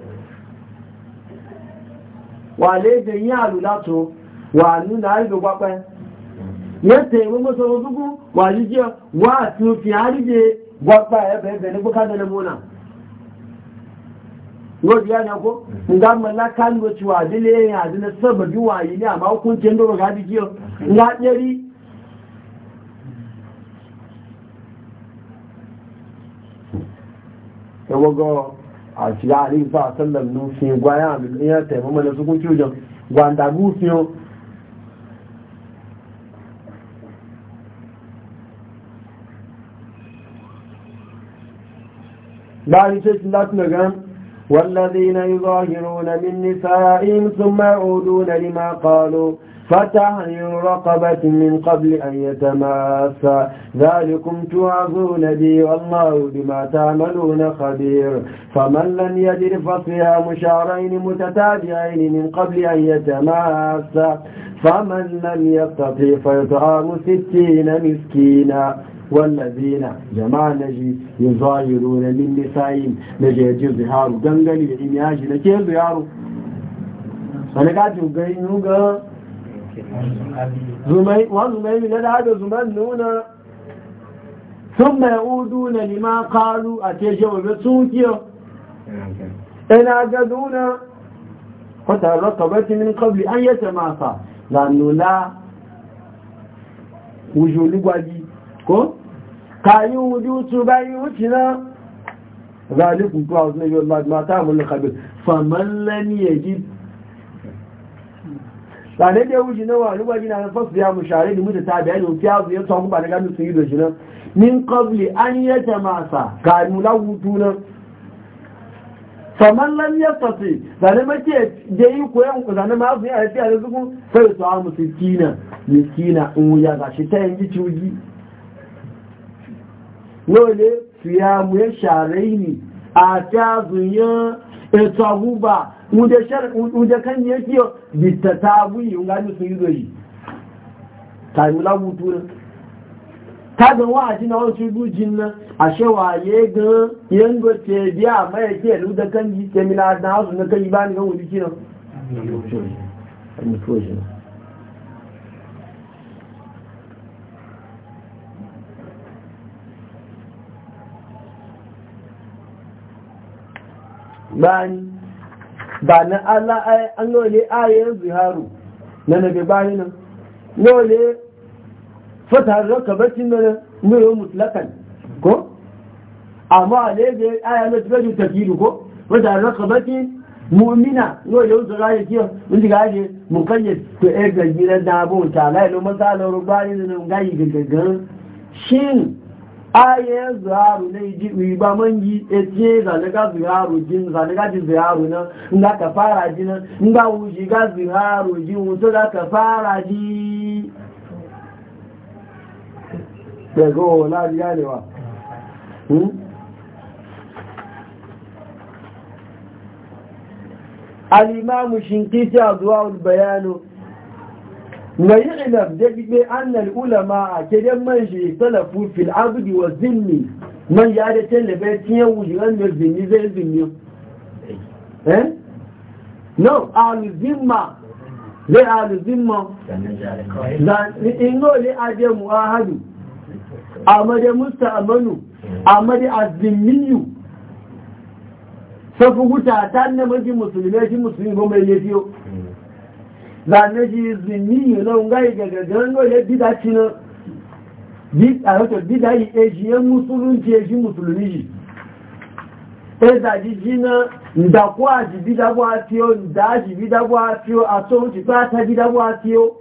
wà léde yí àlùlátò wà nínú àìdò pápẹ́ yẹ́tẹ̀ ìwé mọ́sọ̀rọ̀ dúkú wà jíjẹ́ wà tí ó fi àríjẹ gbọ́pá ẹ̀bẹ̀ẹ̀bẹ̀ e ní gbọ́kádẹ́lẹ́mọ́nà wọ́n yá ní ọkọ́ ǹgá a kánú ti wà délé ẹ̀yìn àdínlẹ̀ sọ́bọ̀dí wà yìí ní àmà okùn tí ń lọ́rọ̀ gáàdì kí ọ ǹgá tẹ́rí ẹwọ́gọ́ àti àárín ìfà sọ́lọ̀ ní fi gbáyà àmìlẹ́yìn tẹ̀ mọ́mọ́lẹ́ sókún tí ó jọ gbàǹdàgú fi hàn láàrin tó ti látìlẹ̀ gan والذين يظاهرون من نسائهم ثم يعودون لما قالوا فتحرير رقبة من قبل أن يتماسى ذلكم توعظون بي والله بما تعملون خبير فمن لم يجر فصيام شهرين متتابعين من قبل أن يتماسى فمن لم يستطيع فيطعام ستين مسكينا والذين جماع نجي يظاهرون من نسائهم نجي يجيب ظهاره قنقلي لإن ياجي نجيب ظهاره أنا قاعد يقعين نوغا وزمي من هذا زمان نونا ثم يعودون لما قالوا أتيجوا بسوكيا إن أجدونا قد رقبت من قبل أن يتماثى لأنه لا وجود kayi wujutu bayi wuce na zalikun tuwa wasu nabi Allah mata mulin kabir faman lani ya ji tsanai da ya wuce na wani gwaji na fasu ya mu share da mutu ta biya ne fiya su ya tsohon ba na gami su yi da shi na? min kabli an yi ta masa ka nuna hutu nan faman lani ya fasi zane mace da yi koyan ku zane ma su yi a yafi a da zukun sai su hamu su kina miskina in wuya ga shi ta yanki ciwuji lóòlé fìyàmù ẹ̀ṣàrẹ́ ìní àti àzùnyán ètò àwúbà ǹdẹ̀kẹ́ni ẹ̀kí ọ̀ bìtẹ̀ta àwúyì ń gájú sí ìrò yìí tàìmúláwútú rẹ̀ tàbí wọ́n àti náà ti rú jìnnà gan bani ba na Allah an lole ayoyin ziharu na nabi bani nan lole fatar raka bacin nan muro mutlakan ko amma ne da aya na tafi tafiru ko fatar raka bacin mu'mina lole wuce rayu kiyar mun diga aje mun kanye to e ga gidan da abun ta lai lo masala rubani nan gayi gaggan shin aye zuharu na iji riba mangi etie zanaga zuharu jin zanaga ji zuharu na nga ka fara ji na nga wuji ga zuharu ji wuto da ka fara ji daga na ganewa hmm? alimamu shinkiti a zuwa bayanu wa yi ilam da gbe annal ulama a kiran man shi salafu fil abdi wa zinni man ya da tele bai tiye wuji ran mai zinni zai zinni eh no al zimma le al zimma dan ingo le ade mu ahadu Musta Amanu amade azminiyu safu guta tan ne maji musulmai shi musulmi ba mai yafiyo zane shi zini yana nga yi gagagen ya bida cinan a wato bida yi ejiyen musulunci eji musulmi shi ezaji na ndakwa aji bidagbo atiyo ndaji bidagbo atiyo ato wuce fata ata atiyo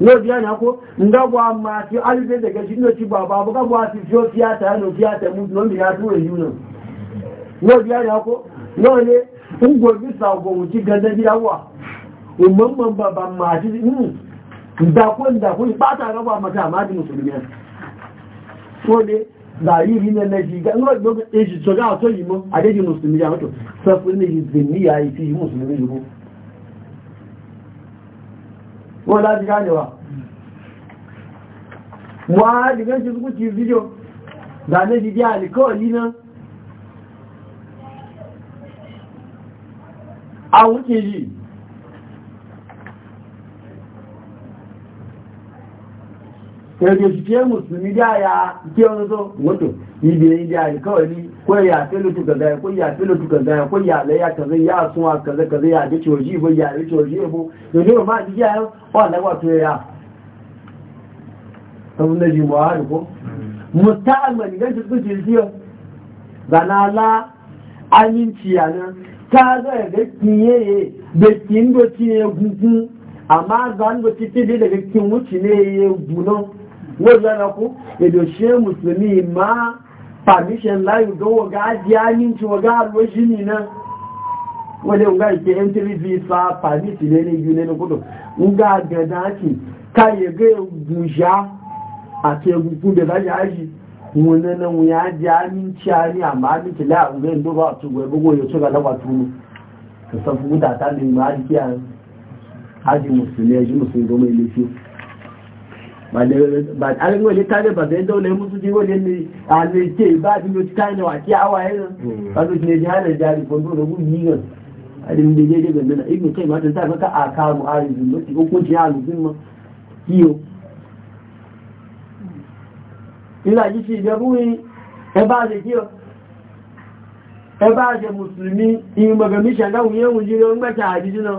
yóò bí ànà kó ndagbo ama atiyo alìsẹ́ ti bàbá abúgbàgbò àti fíó fíàtà ẹnu fíàtà mú lómìnira tó rẹ̀ e yìí náà yóò bí ànà kó náà lé ń gbòmí umman baba maji mm da ko da ko ba hmm, ta raba mata maji musulmi so ne zariri ne na shiga in wajen lokacin ɗin shi so ga wato yi mun a daji musulmi ya mutu safin ne yi zinni ni yi fi yi musulmi yi ko ko da ji ganewa wa digan shi suku ci video da ne ji ya alkawali na a wuce yi ẹgbẹ́ ṣiṣẹ́ mùsùlùmí dáyà kí ọdún tó wọ́tò ibi ẹ̀yìn dáyà kọ́wẹ̀ ko ya yà fẹ́lótù kàzá ko ya fẹ́lótù kàzá kó yà lẹ́yà kàzá yà sún ya kàzá kàzá yà ya ṣòjì ìbò yà dé ṣòjì ìbò lónìí ò máa jíjẹ́ wà lẹ́wà tó yà ọmọ lẹ́yìn wà á rìkó mùtá àgbà nìkan tó tún ṣe sí ọ gbànàlá ayíǹtìyà náà káàzọ̀ ẹ̀gẹ́ ta bẹ̀kì ń dọ̀ tí egungun àmá àgbà ń dọ̀ títí dé lẹ́gẹ́ kí wọ́n lára kú èdò ṣe mùsùlùmí máa pàmíṣẹ́ láyù tó wọ́n gá jẹ́ ní tí wọ́n gá ló ṣí ní náà wọ́n lè wọ́n ìpé mtv fa pàmíṣì lẹ́ni ju lẹ́nu kúrò ń gá káyẹ̀gẹ́ gùnṣá àti egungun bẹ̀rẹ̀ láyà áyì wọn a ba a rin wale tare ba zai daula musu ji wale ne a zai ce ba su yi ta ne waki awa yi nan mm. ba su ne jihanar jari kwando da gudu yi nan a da yadda ga nuna ibn kai mata ta maka a karu a rin zuwa ko ko ci halu zin ma kiyo ina ji shi da ruwi e ba zai kiyo e ba zai musulmi in magamisha na wuyen wujire wani mata hadisi nan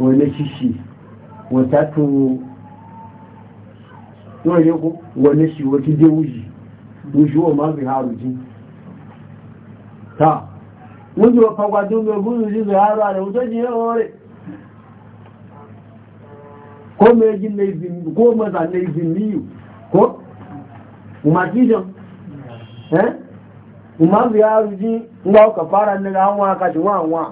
wọ́n lé ṣíṣì wọ́n tàtò wọ́n yẹ kó wọ́n lé ṣì wọ́n ti dé wùyí wùyí wọ́n máa fi hàrù jí ta wọ́n jẹ́ ọ̀pàgbàdó ń gbogbo ìrìnlẹ̀ ara rẹ̀ wọ́n tó jẹ́ ọ̀rọ̀ rẹ̀ ko laifin ko maza laifin biyu ko umarcijan eh umaru ya ruji nga ka fara daga hanwa ka ci wa hanwa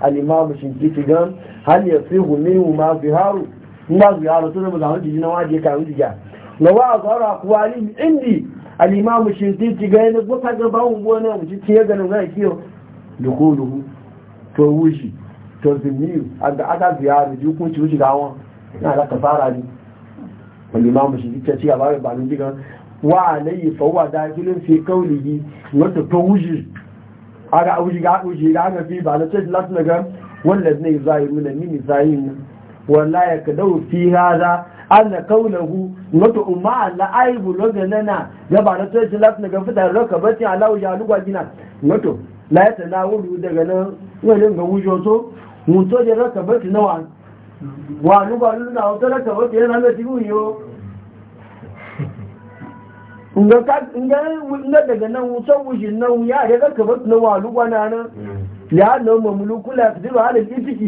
alimamu shinkiti gan hal ya fi huminu ma fi haru in ba su yaro sun zama jiji na waje kayan jiya na wa a kuwa ni indi alimamu shinkiti gan yana gwata ga bawon gona mu ci wani kiyo dukuluhu to wushi to zimiyu a ga aka ziyara ji hukunci wuce ga wọn na da kafara ne alimamu shinkiti ci gaba da banin wa alayhi fa huwa dakilun fi qawlihi wa to wushi aga auji ga auji fi ba da ce lat naga wannan ne zahiru na mini zahiru wallahi ka dau fi hada anna kaulahu wato umma alla aibu loganana ya ba da ce lat naga fitar raka bati ala uja lugwa gina wato la ya tanawuru daga nan wani ga wujo so mun to da roka bati nawa wa lugwa lugwa to roka bati yana da tibu yo nga ka nga nga daga nan wucin a nan ya daga ka bar na walu gwana mm. nan ya na mamluku la tadiru ala ha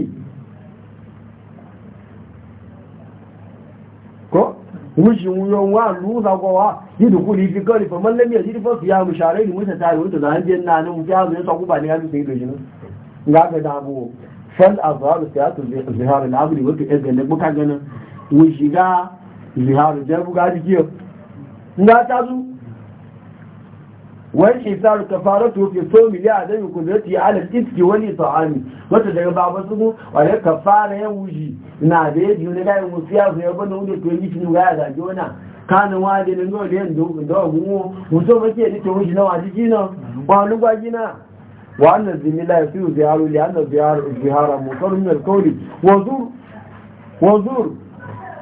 ko wujin wuyon wa lu za go wa yidu kuli fi gari fa man lam yajid fa ya musharai ni mutan tare wato zan je nan nan ya zo sa ku ba ne ya sai do jinin nga ga dabo fal azhar siyatu zihar al-abdi ga ne zihar da nga ta zu wani shekaru ka fara tofe so miliya a zai kudu ta yi alif iske wani ta'ami wata daga ba su mu a yi ka fara ya wuji na da ya biyu na gaya musu ya zai wani wani to yi cikin gaya zage wani kanin wani da nuna da yin da hukun dawa gungu musu ma ke nita wuji na wani jina wani gwaji na wannan zimila ya fiye ziyaru liya na ziyara musamman mai kauri wazur wazur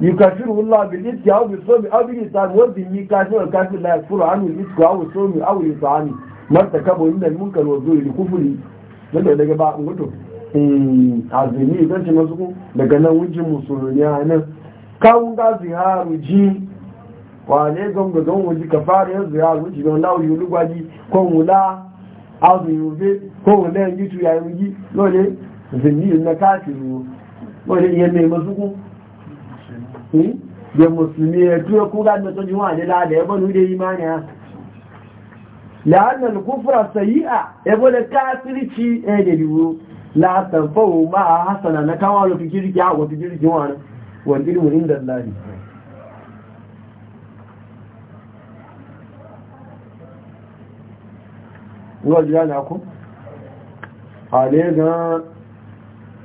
يكافره الله بالإتك أو بالصوم أو بالإطعام والذي يكافر الكافر لا يكفر عنه الإتك أو الصوم أو الإطعام ما ارتكبه إلا المنكر والزور الكفر لذا لك بقى نقول azumi idan ce masu daga nan wujin musulmi a nan kawun ga ziharu ji wane gonga don wuji ka fara yin ziharu wuji don lawo yi lugwaji ko wula azumi ube ko wula yin yi lole da eh? musulmi ya tuya kuga da sun jima da lada ya banu da imani ya la'annan kufra sayi'a ya bane kafirci ya eh, da biyu la tanfau ma hasana na kawo da fikirki ya wa fikirki wani wani ilmu inda lari ruwa jira na ku a ne ga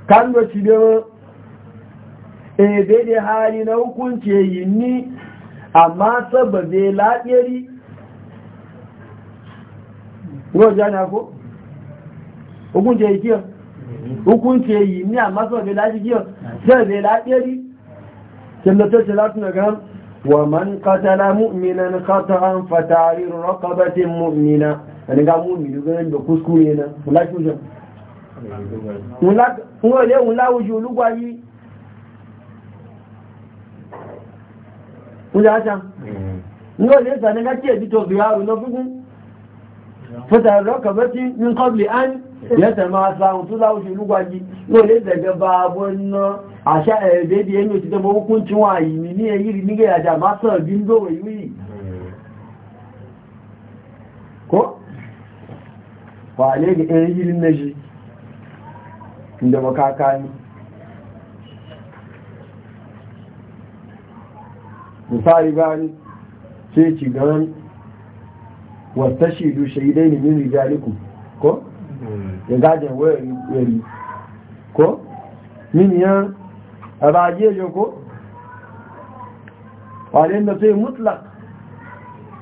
kan da shi da ebe eh, da hali na hukunci yi ni amma sababe lafiyari roja na ko hukunci yi kiyar hukunci yi ni amma sababe lafiyari kiyar kúnlẹ̀ àṣà ní na ìsànà gájí ẹ̀bí tó bèèrè àrùn lọ fúnkún fẹ́tàrà kàbẹ́ tí ní kọ́bìlì án da máa sáhùn tó láwùsù lúgbàjí ní ọ̀lẹ́ ìsẹ̀gẹ́ bá abọ́ ná àṣà ẹ̀ẹ́dẹ́ di ẹni òtítẹ́ mọ́ kún tí wọ́n àyì ní ní ẹ̀yí rí nígbẹ̀ àjà má sọ̀rọ̀ bí ń dòwò ìwé yìí kó wà lẹ́gẹ̀ẹ́ ẹ̀yí rí nẹ́ṣi ìjọba ni? misali gani sai ci gan wata shidu shaidai ne min rijaliku ko ya gajin wayari ko min yan rajiye ko wadanda sai mutlak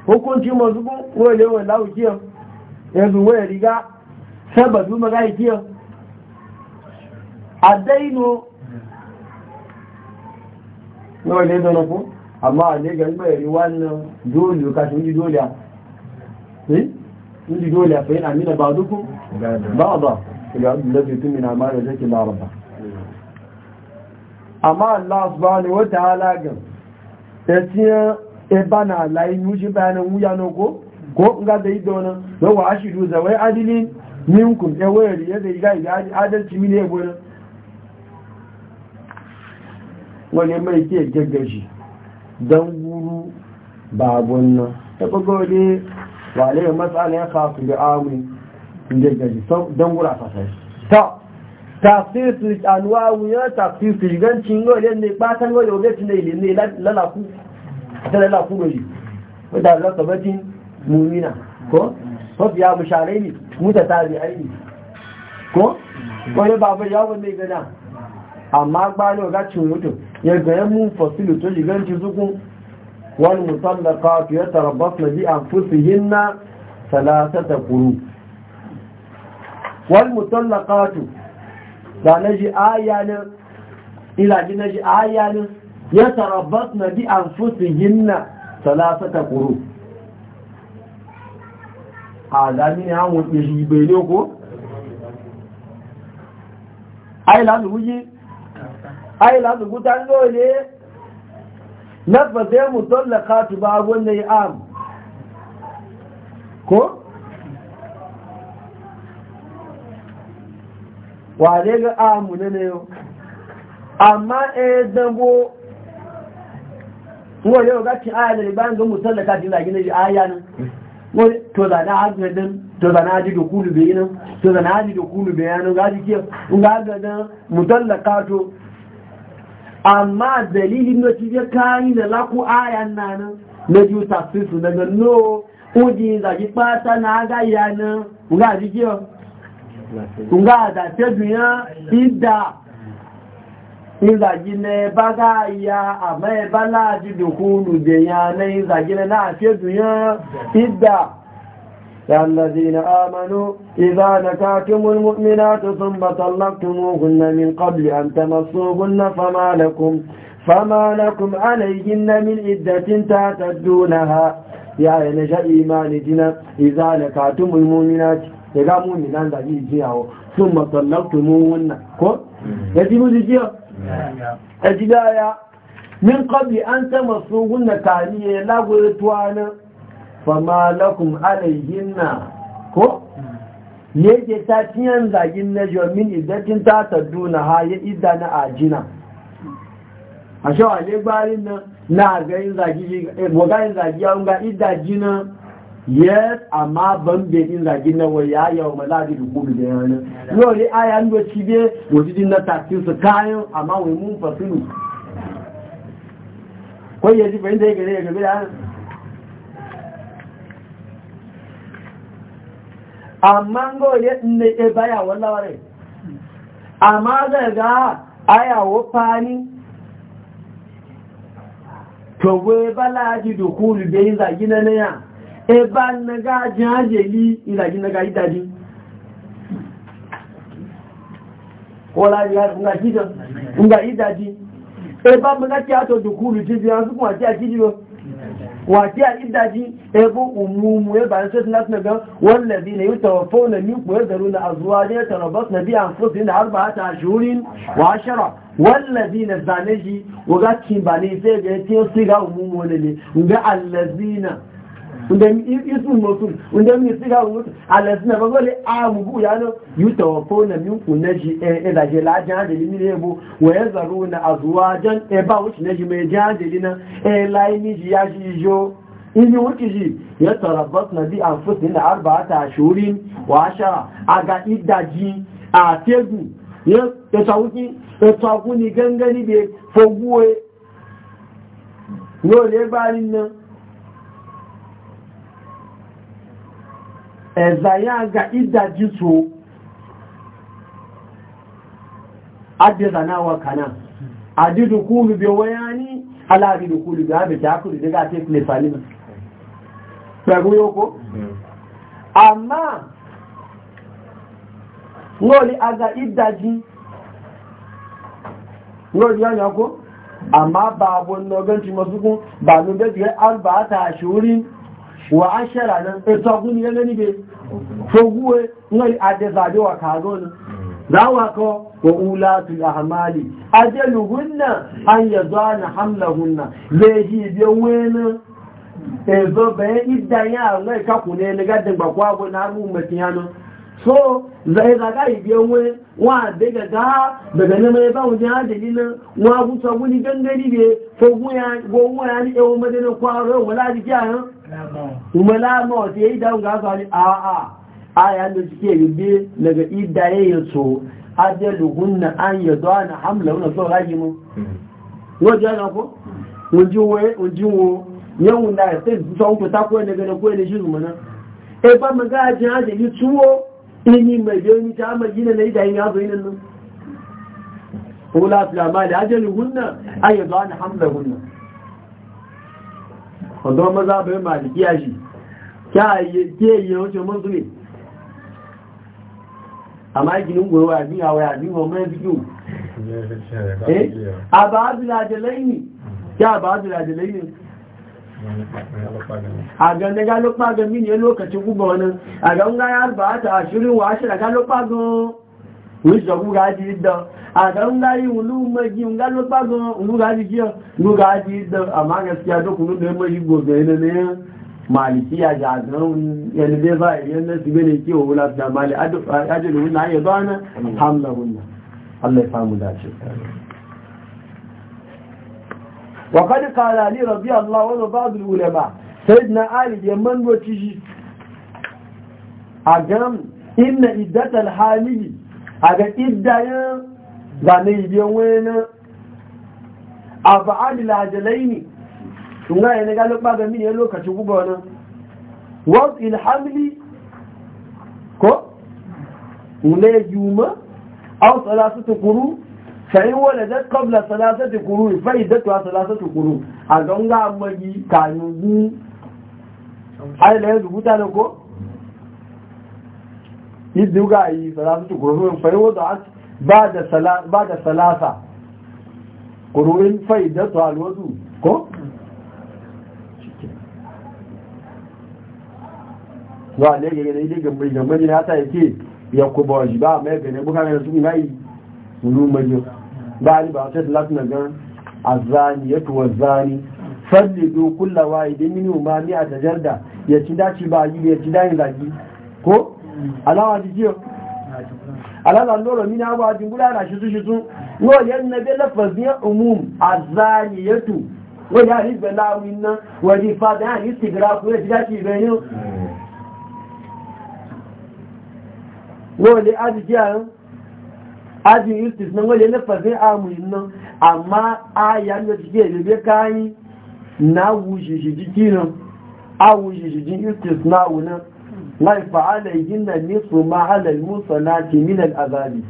hukunci masu wale wale lawo kiyan yanzu waya riga sabatu maga kiyan a daino na wale na ko amma ne ga mai wannan dole ka shi dole a eh? dole a ba ba ba ga lafi tun ma da zaki amma allah e layi wuya na ko ko nga da wa zawai e wayar yadda iga iga adalci ya e wani mai ke gaggashi don guru babon nan ta bugo ne ba ne matsala ya kasu da amin inda gaji don gura fasai ta tafsir alwa wuya tafsir shigancin yau ne ne batan yau da ne ne A ta lalaku gaji wadda lakabatin mumina ko wasu ya musharai ne mutata bi'ai ne ko wani babu yawon mai gana amma gbani ga cin mutum ya gaya mun fasilu to shigan ci zukun wal mutallaqat yatarabbasna bi anfusihinna salasata quru wal mutallaqat da naji ayana ila ji naji ayana yatarabbasna bi anfusihinna salasata quru adami an wuce shi bele ko ai la wuyi ai la su gutan ne na fasa yi mutum da tu ba abun da yi am ko? wa wane ga amu ne ne amma ɗaya e dango wani yau gaki aya da ribayen ga mutum da katu zagi na ji aya nan wani to zana haji da ɗin to na haji da kulu bayanin to na haji da kulu bayanin gaji kiyar ga gadan mutum da katu amma dalilin da ci ya kayi da laku ayan na nan na ji tafsisu na ga no uji zagi pata na ga ya nan nga ji ke nga da te dunya ida in zagi ne ba ga ya amma e bala ji dukunu de ya ne zagi ne na te dunya ida الذين آمنوا إذا نكاتم المؤمنات ثم طلقتموهن من قبل أن تمصوهن فما لكم فما لكم عليهن من عدة تعتدونها يا نجا إيمان دينا إذا نكاتم المؤمنات إذا مؤمنان لا يجيعوا ثم طلقتموهن كو يجيبوا يجيعوا أجيبوا من قبل أن تمصوهن كانية لا قلتوانا fama lakum na, ko yake ta tiyan zagin na jomin idatin ta tadduna ha ya idda na ajina a shawa ne gbarin nan na gayin zagi eh, wagayin zagi ya wunga idda jina yes amma ban bedin zagi na waya ya wa da kubi da yanar yau ne aya ndo cibe wajidin na tafi su kayan amma wai mun fasilu ko yanzu fahimta ya gare ya gabe da yanar amma gole ne e baya wallaware amma daga ayawo fani to we balaji dukulu be izagi na ya e ba na ga jajeli izagi na ga idadi kola ya nga kido nga idadi e ba mu na ti ato dukulu ti bi an su ko ti akidi wafi a idaji ebo umumu ya bayan sai suna suna gan wallazi ne yi tawafo na min kuwa garu na azuwa ne ya tarabas na biya amfusi da harba ta shurin wa ashara wallazi na zane shi waga kimba ne sai ga ya tiyo siga umumu wani ne ga allazi undan isun mutum undan mi siga mutu alasin na bagole a mubu ya no yuta wa fona min ku na ji e, e da je la jan da limi rebo wa ya e zaru na azwajan e ba wuce na ji mai jan da lina e lai ni ji ya ji jo ini wuce ji ya tarabbas na bi an fusin na arba'ata ashurin wa ashara aga idaji a tegu ya e tsawuki ya tsawuni gangani be foguwe yau ne ba na. ẹ̀zà yá ga ìdájí so adìrà náà wà kanáà adìdùkúlù bí wáyá ní aláàdìdùkúlù bí ábẹ̀ jákùlù nígbà tí ìpínlẹ̀ falima pẹ̀lú yóò kó àmá bàbọn nọgọ́ntí mọ́sùkún bàbọn wa ashara nan ita e guni ya gani be foguwe ngai adezaje wa kagona zawako wa ulatul ahmali ajaluhunna an yadana hamlahunna leji biyo wena ezo be idanya ngai kakune ne gadin bakwa gona mu mutiyano so zai zaga ibi onwe wa daga ga daga ne mai bawo ne adali nan wa gusa wani gangari ne ko guya ya waya ni madana kwaro wala ji kiyan la mo ti yi da ga ga ni a a a ya da suke yubi daga idaye ya so ajaluhunna an yadana hamlahunna so raji mu ini mai biyo ni ta mai gina na idayen yazo yi nan hula filama da ajali hunna an yi zuwa na hamla hunna kwando maza bai maliki ya shi ke yi yawanci mun zube amma ginin gwiwa ya biya waya biyu wa mai biyu [laughs] eh? a ba abu lajalaini ya ba abu lajalaini a gane galopagon mini ya lokacin guba wani a gan gaya arba'ata ashirin wa ashirin galopagon wíṣọ̀ gúgá jí dán àtàrúngáyí ìwòlú mẹ́jì ńgálópágan ògúgá jí jíọ̀ gúgá jí dán àmágẹ́sí adókùnrin lè mọ́ ìgbògbè ẹni ní màlìsí àjà àtàrún ẹni lẹ́fà ìyẹn ti na kí òun láti dàmàlẹ̀ adìrò وقد قال علي رضي الله عنه بعض العلماء سيدنا علي يمن وتشي أجام إن إدة الحامل أجا إدة زاني بيوين أفعال العجلين شنغا ينقال لك بعد مين يلو كتبوبونا وضع الحمل كو ولي يوم أو ثلاثة قرون sayin wadda zai kabla salasatu kuru fai salasa salasatu kuru a ganga magi kayugu aila ya rubuta da ko? idu ga yi salasatu kuru fai wadda ba da salasa kururin fai datuwa alwazu ko? ba ne lege da ile gambar gambar na ta yake ya kuba wajiba mai gane da su ngayi nunu yau. ba ni ba ta latin ga azani ya tuwa zani fallidu kulla wahidin minhum ma mi'ata jarda ya ci ba yi ya ci dani zagi ko alawa ji jiyo alala loro mina ba jin bulala shi shi su no yan nabi lafazin umum azani ya tu wani ya hizbe lawin nan wani fada ya istigra ko ya ci daci bayan hmm. no le azji an ajin yurtis nan wajen na amu amurin nan amma a yanar jike da bai kayi na wuce shi jiki nan a wuce shi jin yurtis na wunan mai fa'ala yin na nisu ma halal musa na timinal azali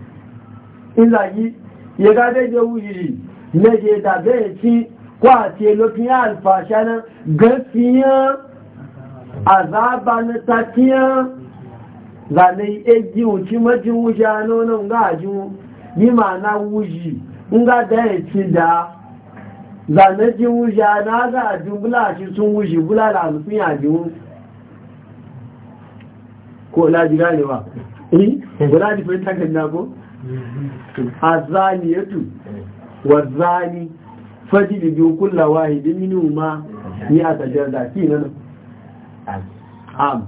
ina yi ya gada da wuce na je da bai ci kwace lokacin alfasha nan gaskiya azaba na tafiya zane egi uci maji wuce anonin ga aju yi ma na wuji nga da ya e ci da zane ji wuce na ga aju bula ci sun wuji bula da ji aju ko laji ganewa eh bula ji fahimta kan na ko A mm-hmm. azaniyatu e wa zani fajili biyu kulla wahidi minu ma ni a tajar da ki nan am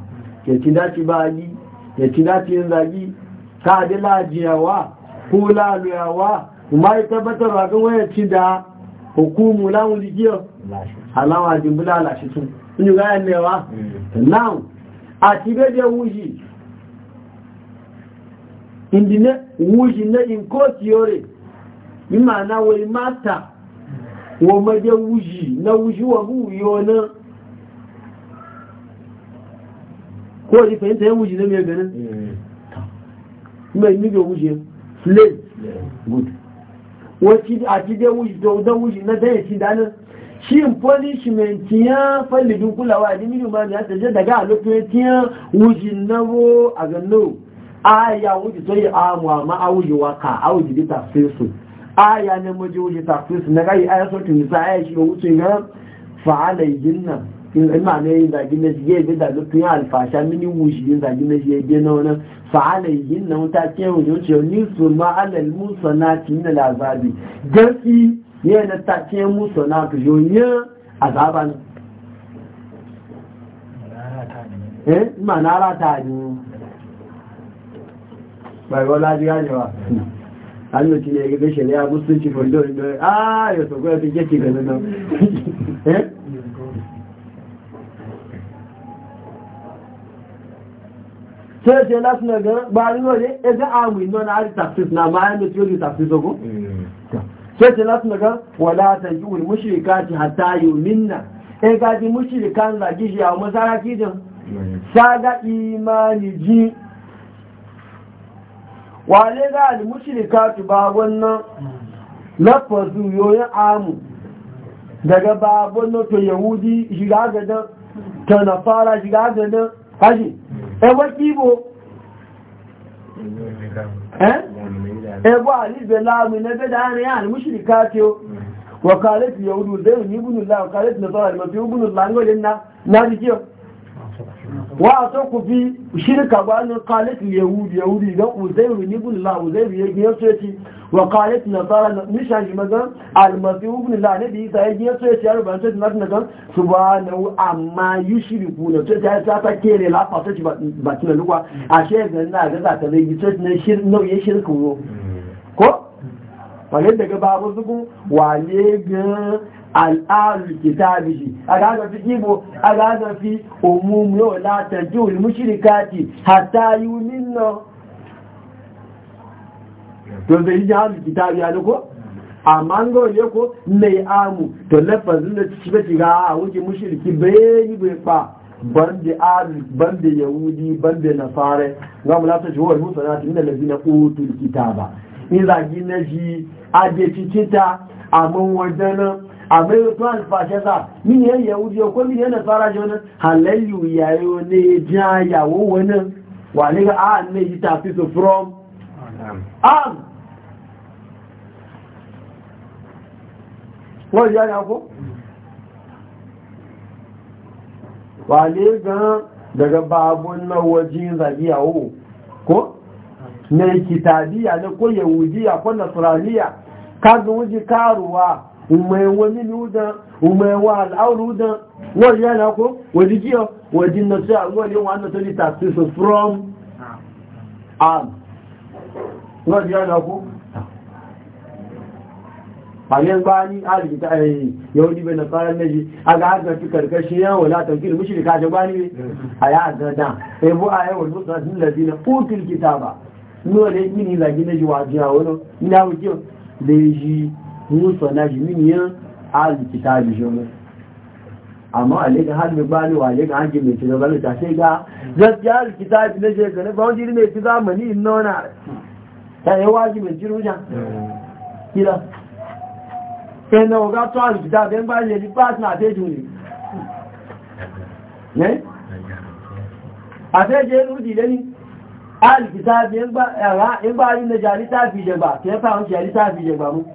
ke ci dace ba yi ya ci lafiyan zagi ta da lajiyawa ko laluyawa kuma ya tabbatar ba ga waya ci da hukumu lamun jikiya alawa jimbula lashe sun sun yi gayan newa mm. now a cire da wuji indi ne wuji na in ko tiyore bi wai mata wa maje wuji na wuji wa huyo na ko ji fahimta yan wuji na mai ganin mai miga wuji slave good wacce a ci dai wuji to? udan wuji na dai ci da nan shi punishment ya fallidin kulawa da mini ma ya taje daga lokacin wuji na wo a ganno aya wuji to yi amwa ma a wuji waka a wuji bi tafsisu aya ne mu ji wuji tafsisu na ga aya so tun sa aya shi wuce ga fa'alayhin nan ima ne yin zagi na jiye bi da lutun ya alfasha mini wushi yin zagi na jiye bi na wani fa'ala yin na wuta ce wani wuce ni su ma alal musa na lazabi gafi na ta ce musa na ku azaba ne eh na bai ji ba an yi ne ga shari'a musulunci fondo inda a ah, ya so gwaya ta ke ci ganin nan [laughs] eh sai ce lati na gan gbari waje ega amu ino na ari tafsir na ma yanda tiyo di tafsir ko mm. sai ce lati na gan wala ta yi wuri mushrika ci hatta yi minna ega di mushrikan shi a saga mm. imani ji wale ga al yoyin amu daga babon to yahudi shiga gadan fara shiga ẹwọ́ kíbo ẹgbọ́ àríbẹ̀ láàrin ẹgbẹ́ dáárín àrin múṣìlì káàkiri o wọ̀kàlẹ́tì yẹ̀wùdù lẹ́yìn ní ìbùnù láà wọ̀kàlẹ́tì nọ́tọ́rọ̀ àrìmọ̀ tí ó wa so ku fi shirka bayan qalat yahud yahudi da uzairu ibn la uzairu yake yace ci wa qalat nasara nisha shi maza almasih ibn la ne bi sai yace ci har ban sai nan nan subhanahu amma yushriku na to ta ta ta kere la fa ci ba ci kuwa a she ga na ga za ta yi ce ne shir no ya shirku ko wale daga babu zugu wale ga al'adul kitabi a ga zafi ibo a gaza fi umum yau latar jiwul mushrikati hatta yi minna to zai yi jihar kitabi ya ko amma an gawa ne ko mai amu to lafazin da ci ba shiga a wuce mushriki bai yi bai fa bande adul bande yahudi bande nasare ga mu latar jiwul musulati min allazina utul kitaba in zagi na ji a da cikita a mun wajen A abin tuwan fashe sa min yan yahudi ko min yan nasara shi wani halallu yayo ne ja yawo wani wani ga a ne yi tafi su from am wọ́n yá ya kó wà lè daga babun na wajen zagiyawo ko na kitabiya ne ko yahudiya ko nasiraniya kaga wuji karuwa umewa miluda umewa al'auruda wọ́n yá na kó wọ́dí kí ọ na tí àwọn ilé wọn náà tó ní from am wọ́n yá na kó bayan bani arziki ayi eh, yahudi bai nasara naji a ga haka karkashin yawon latin kiri da kaji bani a ya gada sai eh, bu a yawon musa sun na utul kitaba nuna da yi ne zagi na ji wajiya wani ina wuce da ya ji mun sona ji min yan ahli kitabi jomo amma a lega har mai bani wa lega hanji mai ci gaba ta sai ga gaskiya ahli kitabi na je gane ba wani mai ci zamani in nona ta yi waji mai jiru ja kila sai na waga to ahli kitabi ba ne ni ba na te juri ne a te je rudi da ni ahli kitabi in ba in ba ni na jari ta fi je ba ke fa jari ta fi je ba mu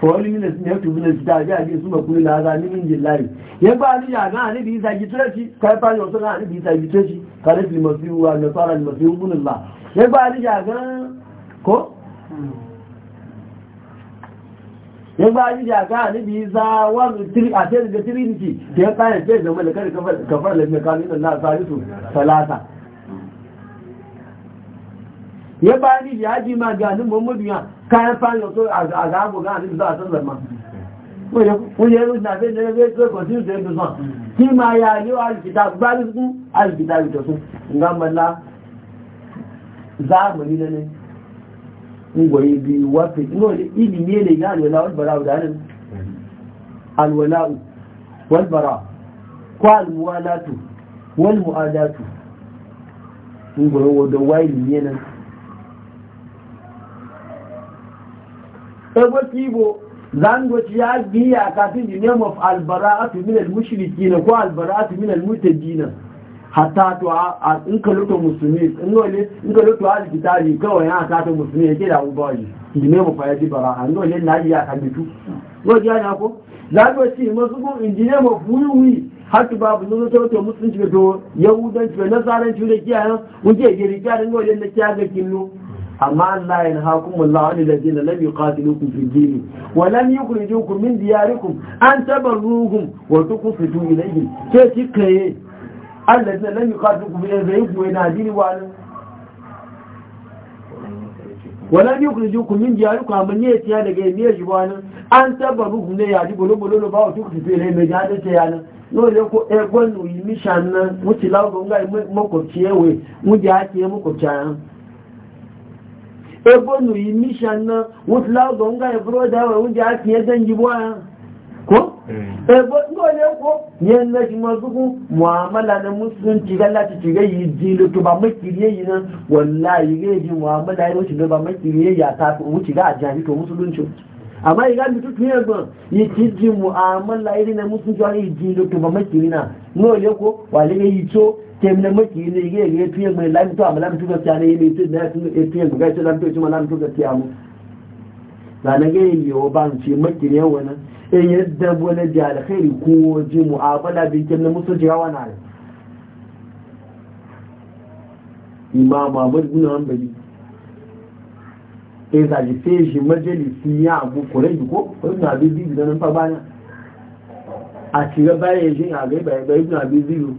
fọ́ọ̀lì nílẹ̀ sí ẹ̀tù fún ẹ̀sìdá àjẹ́ àjẹ́ ìsúnmọ̀ fún ilẹ̀ ara ní ìjì láì yẹgbà ní àgá níbi ìsàjì tírẹ́sì káìpáyì ọ̀tọ́ náà níbi ìsàjì tírẹ́sì kálẹ́sì lè mọ̀ sí wa lẹ́fàrà lè mọ̀ sí ogun nìlá yẹgbà ní àgá kó yẹgbà ní ka níbi ìsà wà àti ẹ̀rẹ̀gẹ̀ Salasa. ya ba ni ya ji ma ganin muhammadu ya kayan fani so a zago ganin za a sallar ma wọ́n yẹ lóṣù àti ẹ̀jẹ̀ ẹgbẹ́ tó kọ̀ sí ìṣẹ́ ìdọ̀sán kí máa ya yóò alìkìta gbárí fún alìkìta ìjọsún ìgbàmọ̀lá bi ne da wa ebe zango zangoci ya biya kafin the name of albara'atu min al-mushriki na ko albara'atu min al mutadina hatta to a in ka luto musulmi in gole in ka luto al-kitabi kawai ya ka to musulmi yake da ubaji the name of ayati bara'a in gole na ya ka bitu gole ji ana ko zangoci masu go in the name of wuyuwi hatta babu nuna to to musulunci to yahudanci da nasaranci da kiyayen wuce gari kiyayen gole na kiyayen kinno amma la yanhaakum Allahu 'anil ladina lam yuqatilukum fid din wa lam yukhrijukum min diyarikum an tabarruhum wa tuqsitu ilayhim sai kike alladina lam yuqatilukum min diyarikum wa nadini wa wala ne ku jinku min jiyaru ku amma ne tiya daga ne shi ba nan an sababu ku ne ya ji bolo bolo ba wa tuku fere me gonu yi nan ebonu yi mishan na wutu lagun ga ifiro e da yawa wunje a fiye zan yi buwa ko? Hmm. ebonu ne ko yin na shi mazuku mu'amala na musulunci galati ci ga yi jilo to ba makiriye yi na wala yi ga yi mu'amala ya wuce ba makiriye ya ta wuce ga ajiyar to musulunci amma yi gami tutu yin gbọn yi ti ji mu'amala iri na musulunci wani yi jilo to ba makiri na n'ole ko wale ga yi to kemne maki ne ga ga fiye mai lamto amma e, lamto ga tsane ne to da su fiye ga ga lamto kuma lamto ga tiyamu da na ga yi yo ban ce maki ne wannan eh yadda wala da alkhairi ko ji mu'amala bin kemne musu ji hawa na imam Ahmad bin Hanbali eh da ji sai shi majalisi ya abu kore ko ko na bi bi da nan fa bana a shiga baya yin a ga bai bai na biyu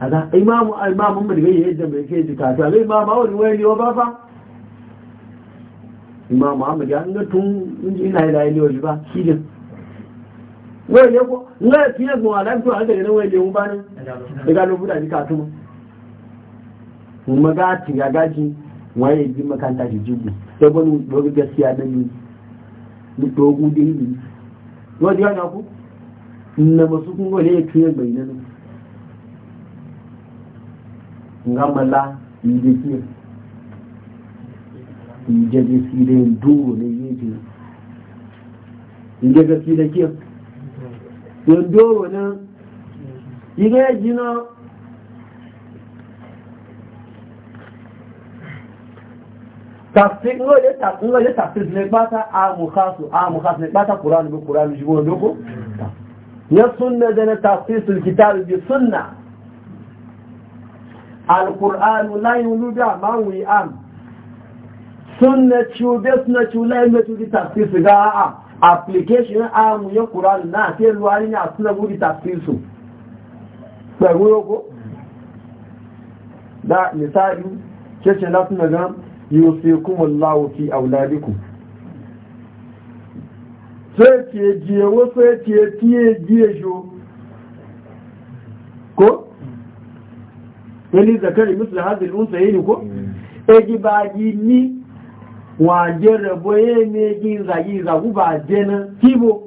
kaza imamu imamu mun ga yadda bai kai jika ta zai ma ba wani wani ba ba imamu amma ga an ga tun ina ila ba shi ne wai ne ko ngai fiye mu ala to an ne wai ne mu ba ne daga lu buda jika tu mu maga ti ga gaji wai ji makanta ji jibu sai ba dogo gaskiya da ni dogo ni ku na masu ya Ngama la ngamala ndiki ijeje sire nduro ne yeje ijeje sire ki ndoro na ige jina tafsir ngo le tafsir ngo le tafsir ne pata a mukhasu a mukhasu ne pata qur'an bi qur'an jibo ndoko mm. ya sunna da na tafsir kitab bi sunna alkur'anu láyún ma máa wù í àm sunnaci obe sunnaci láyún mẹ́tù di tafsir su ga a application yi yẹ na náà tí èlú àrí ní àtúnlẹ̀wò di tafsir su pẹ̀lú yóò da misali kẹ́kẹ́ láti suna yóò fi kúmọ̀ láwọ̀ fi àwùládìkù sai ke jiye wasu ya ke tiye jiye ko wani zakari misali hazin unsa yi ne ko mm. egi ba yi ni waje rabo ya ne gi zagi zagu ba je na kibo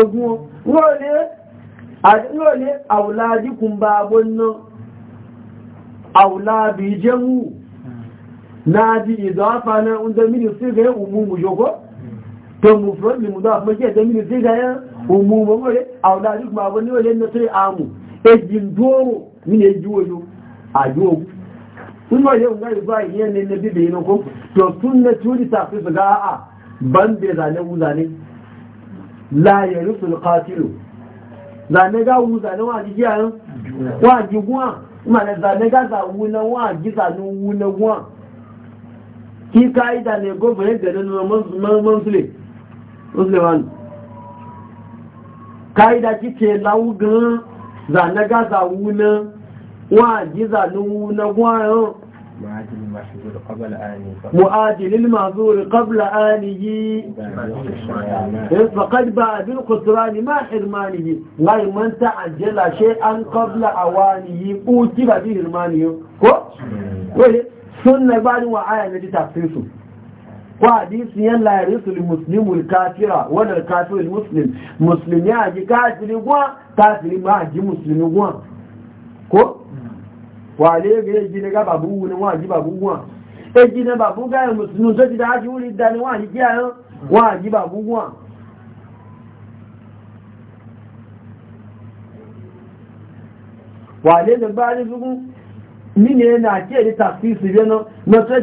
egun wole aulaji kun ba wannan aulabi jemu mm. na ji idafa na inda mini siga umu mm. mu joko to mu furar mu da kuma ke da mini siga ya umumu wole aulaji kun ba wannan wole na sai amu ejin doro mini ejiwoyo ayo sun ba yau ga ba yin ne na bibi ne ko to sun na turi ta fi ga a ban be zane wuzane la yarusul qatilu zane ga wuzane wa jiya yan wa jiguwa kuma da zane ga za wuna wa giza nu wuna wa ki kaida ne go bayan da nan man man sule musliman kaida ki ce lawu gan zane ga za na. وعجزة نونا وعيو معادل المعذور قبل آله إيه، فقد باع بالخسران ما حرمانه غير من تعجل شيئا قبل أوانه أوتب به حرمانه إيه، سنة بعد وعاية التي تفسيسه وحديث يلا يرث المسلم الكافر ولا الكافر المسلم مسلم يعجي كافر وكافر ما يعجي مسلم وكو wàlẹ́ rẹ̀ ìjìnlẹ̀ ká bàbú wu ni wọ́n àjí bàbú wọn ìjìnlẹ̀ bàbú gáyẹ̀ mùsùlùmí tó ti dáájú rí dá ni wọ́n àjí kí wọ́n àjí bàbú wọn wàlẹ́ gbá rí fún nínú ẹ̀nà àti èdè tàbí ìsìnkú na tó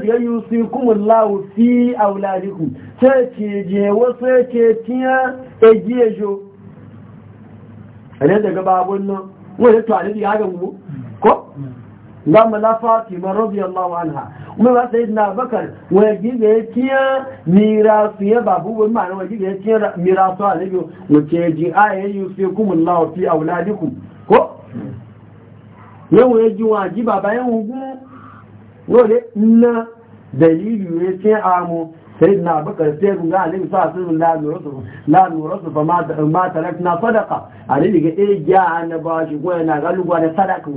sí kúmù láwù sí àwùláríkù tó ti jẹ́ wọ́n tó èjì èjò ẹ̀lẹ́dẹ̀gbà abúlé náà wọ́n lè tó àlejò yára kọ́ gama na fatima radiyallahu anha kuma ba sai na bakar waje ga yake mirasu ya babu wani ma'ana waje ga yake mirasu a nabi wace ji kuma yusikum Allah fi auladikum ko yau ya ji waji ba bayan hugu dole na dalili ya ce amu sai na bakar sai gunga alim sa su la nurasu la nurasu fa ma ma tarakna sadaqa alim ga e ja na ba shi ko na galuwa da sadaqa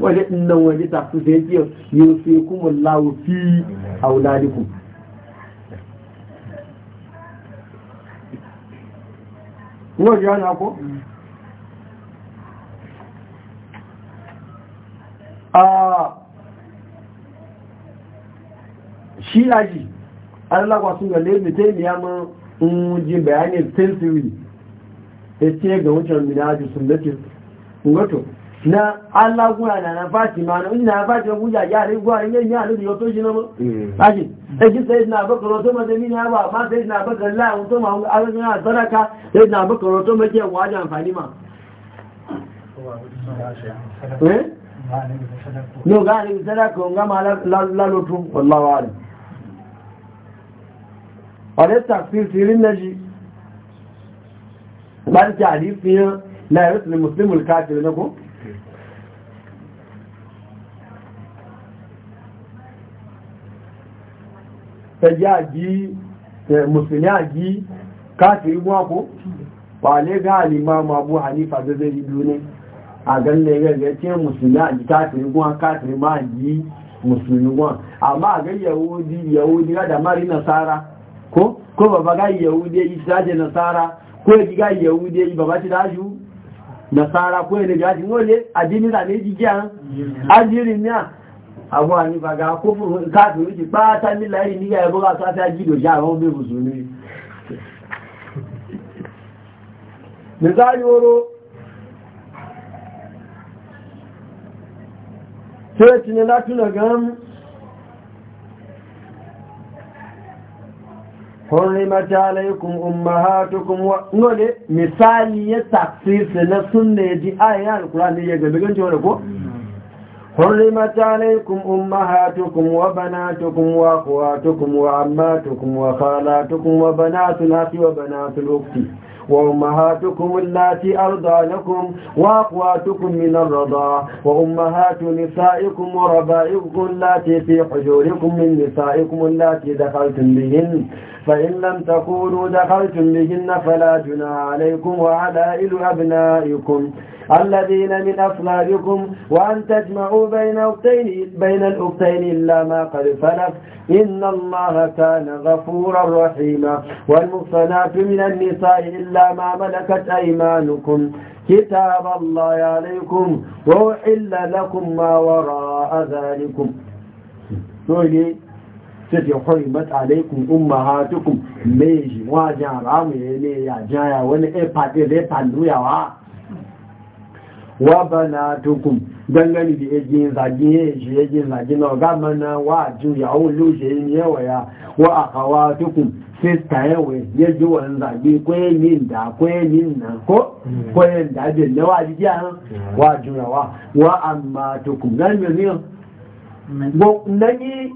waje nan waje ta su sai kiyar yau sai kuma lawo a auladikum waje yana ko a shi laji an lagwa sun gane mutum ya ma jin bayanin sensory ya ce ga wucin minaji sun dace wato na alágúnra nàrà fàtí ma náà nínú àfàtí ọgbújà yà rí gbọ́ ilé ní àlódìyọ tó ṣe lọ́mọ́ láti ẹjí sẹ́yìn àbọ́kọ̀rọ̀ tó mọ́ Ma ní àwọ̀ àmá sẹ́yìn àbọ́kọ̀rọ̀ láàrùn tó máa arẹ́gbẹ̀rẹ̀ àtọ́dáká sẹ́yìn àbọ́kọ̀rọ̀ tó Na wọ́n ájá àǹfààní ma ní ọgá àríwí sẹ́dákọ̀ ń gámà lálótún ọláwà rẹ̀ ọ̀rẹ́ tàfíì sí rí mẹ́jì gbáríkì àrífihàn láìrẹ́sì ni tẹ̀yí àjí mùsùlùmí àjí káàkiri gún àkó wàlé gáàlì máa ma bú hanifa gẹ́gẹ́ ibi ní àgẹ́lẹ̀ gẹ́gẹ́ tí mùsùlùmí àjí káàkiri gún káàkiri máa jí mùsùlùmí gún nasara ko ko baba ga yahudi isaje nasara ko ga yahudi baba ti daju nasara ko ngole adini da ne jigiya ajirin ya àwọn àníbàgà kófùrù káàkiri méjì pátá nílà yìí níyà ẹ̀bọ́ bá sáfẹ́ jìdò já àwọn ọmọ ìbùsùn ní nìsáyí oró tí ó ti ní látúnà gan حرمت عليكم أمهاتكم ne مثال يتقصيص لسنة دي آية القرآن يجب أن ko? حرمت عليكم أمهاتكم وبناتكم وأخواتكم وعماتكم وخالاتكم وبنات الأخ وبنات الأخت وأمهاتكم التي أرضى لكم وأقواتكم من الرضا وأمهات نسائكم وربائكم التي في حجوركم من نسائكم التي دخلتم بهن فإن لم تكونوا دخلتم بهن فلا جنا عليكم وعلائل أبنائكم الذين من أصلابكم وأن تجمعوا بين أختين بين الأختين إلا ما قد سلف إن الله كان غفورا رحيما والمصنات من النساء إلا ما ملكت أيمانكم كتاب الله عليكم وأحل لكم ما وراء ذلكم sai hurimat alaikum ummahatukum meji wajen ramu ne ya jaya wani epa ɗin repa nuyawa wa bana banatukum dangane da yake zagi ne shi yake zagi na gama na wa juya hu lushe ne yawaya wa akhawatukum sista yawe yaji wannan zagi ko yin da ko yin na ko mm. ko yin da da ne wa ji ya mm. wa juya wa wa ammatukum nan ne mm. ne wa nani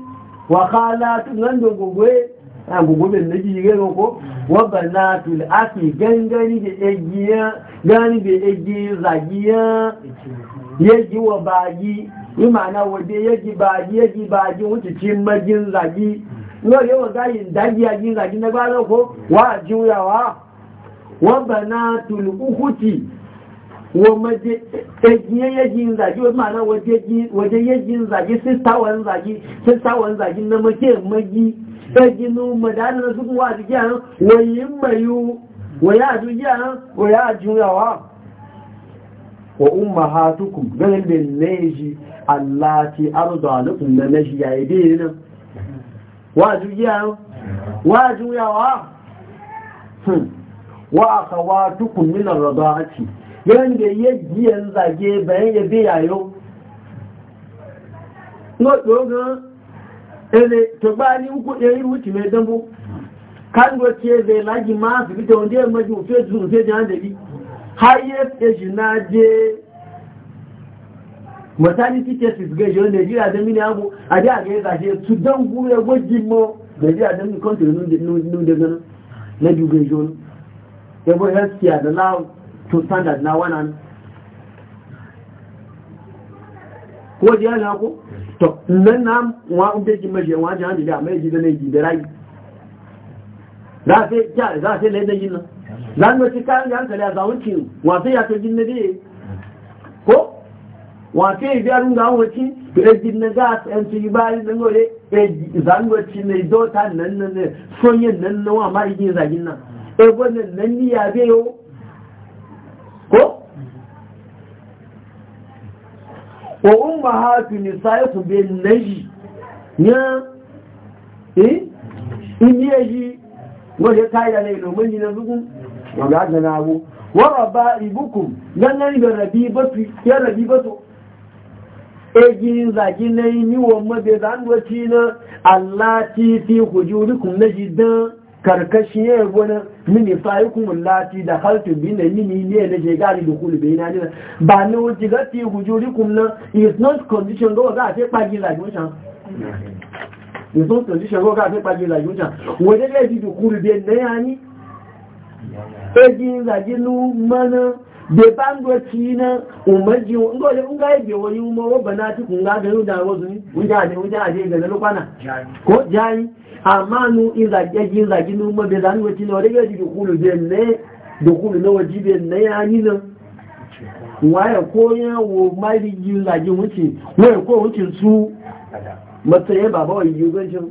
wa khalatukum nan da gogoye a gugumin na ji ga ko wabba na tul'afi gangani da egiya gani da egiya zagiya yaji wa baji imana waje yaji bagi yaji bagi wuce cin magin zagi yau yawan gayin a yajin zagi na gano ko wa a juyawa wabba na ukuti wa maje egiya yajin zagi wa imana waje yajin zagi sistawar zagi sistawar zagi na make magi tajinu madana na suku wa ji wa wayin mayu waya ju ji han waya ju yawa wa ummahatukum ganin bin neji allati arda lakum da naji yayi dinin wa ju ji han wa aka yawa wa akhawatukum min ar-rada'ati yan da yaji zage bayan yabe yayo no dogon ele to ba ni ku yayi wuce mai dambu kan go zai lagi ma su bi da wanda ya maji ufe su ufe jan da bi har ya ce shi na je misali suke su ga shi wanda jira da mini abu a ji a ga ya zashe su dan gure gwaji mo da jira da mini kwanto nun da ganin na duga shi wani ya bo healthcare da na to standard na wannan ko di na ko to nan na wa un peji maje wa jan da mai ji da da rai sai sai da yin nan mu yan kala wa sai ya to jin ne ko wa e e ga da e jin ga an ci ba ni dan gore zan go ci ne do ta nan nan ne so nan nan wa ma yin nan e nan ni ya be yo ko wa umma hafi nisaiku bin naji ya eh imiyaji wanda kai da ne domin na zugun wanda na abu wa rabaibukum nan nan ya egin zagi na yi niwon mabe karkashi ya yi wani mini fayi kuma lati da haltun bi na mini ne na shegari da kulu bai na nila ba ni wuce gafi hujuri kuma is not condition go za a ce kpagi lagi wucan is not condition go za a ce kpagi lagi wucan wajen gafi da kulu bai e na yani ejin zagi lu mana bai ban ci na umarji ngo da nga bai wani umar ba na ci gaga yau da wasu ni wuja aje ga na lokana ko amma nu in zage ji zage nu ma bai zan na wadai ji dukulu bai ne dukulu na waji bai ne ya ni nan waye ko ya wo mai ji zage wuce waye ko wuce su ya baba wa yi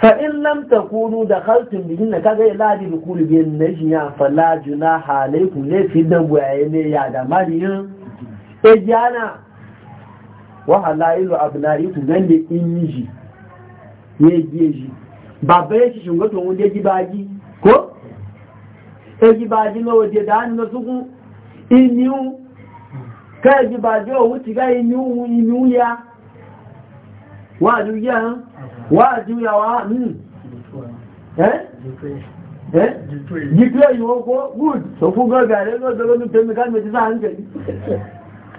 fa'in lam ta kunu da haltun bikin da kaga ladi da kulu biyan na shi ya fala juna halaiku ne fi da buwaye ne ya da mariyin ejiyana wahala ilu abu na iku nan da in yi shi ya yi shi babba ya shi shingoto da hannu na ka wa wuce ya Wa juya wá good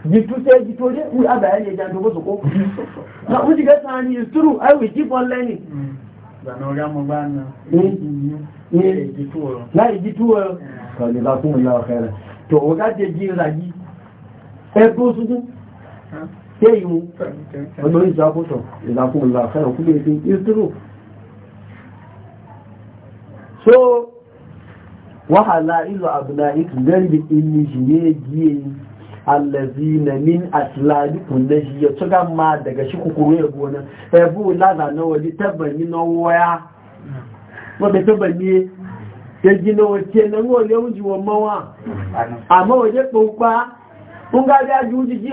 jitu a bayan ya janto ko na is true i will keep on learning da no ga mo jitu jitu ka ku la to o ga je ji ra ji e ko su yẹ́ ìwò ọ̀nà ìzàkótọ̀ ìzàkóòlà fẹ́ràn kúrò èdè ìdúró so wàhálà ìlú ne ìtùgẹ́rì ìlìṣìyẹ́gì allazina min atlabikun na shi ya tuga ma daga shi kukuru ya gona ebu e lada na wali tabbani na waya wadda tabbani ya gina wace na wale wujiwa mawa amma waje kpaupa kun gaji aji wuji